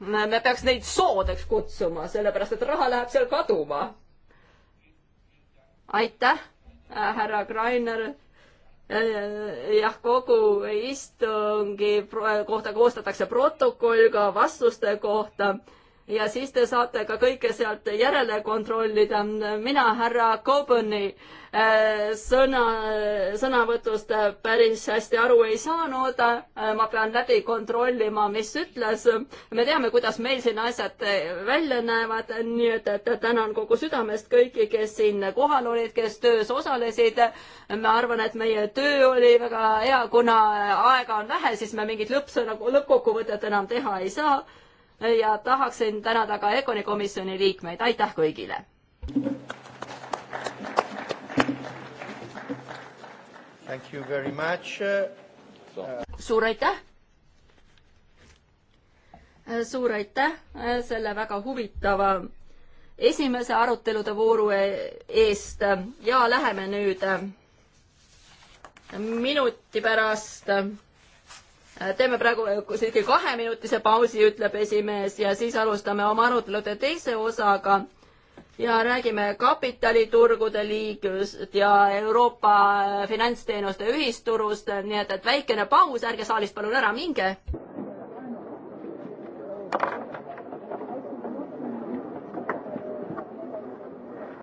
me peaks neid soodeks kutsuma, sellepärast et raha läheb seal kaduma. aitäh, äh, härra Greiner jah, kogu istungi kohta koostatakse protokoll ka vastuste kohta ja siis te saate ka kõike sealt järele kontrollida. mina härra Cobani äh, sõna, sõnavõtust päris hästi aru ei saanud. Äh, ma pean läbi kontrollima, mis ütles. me teame, kuidas meil siin asjad välja näevad, nii et, et tänan kogu südamest kõiki, kes siin kohal olid, kes töös osalesid. ma arvan, et meie töö oli väga hea, kuna aega on vähe, siis me mingit lõppsõna, lõppkokkuvõtet enam teha ei saa ja tahaksin tänada ka Econi komisjoni liikmeid, aitäh kõigile! suur aitäh! suur aitäh selle väga huvitava esimese arutelude vooru eest ja läheme nüüd minuti pärast Äh, teeme praegu äh, siiski kaheminutise pausi, ütleb esimees ja siis alustame oma arutelude teise osaga ja räägime kapitaliturgude liiklust ja Euroopa äh, finantsteenuste ühisturust, nii et, et väikene paus, ärge saalist palun ära minge.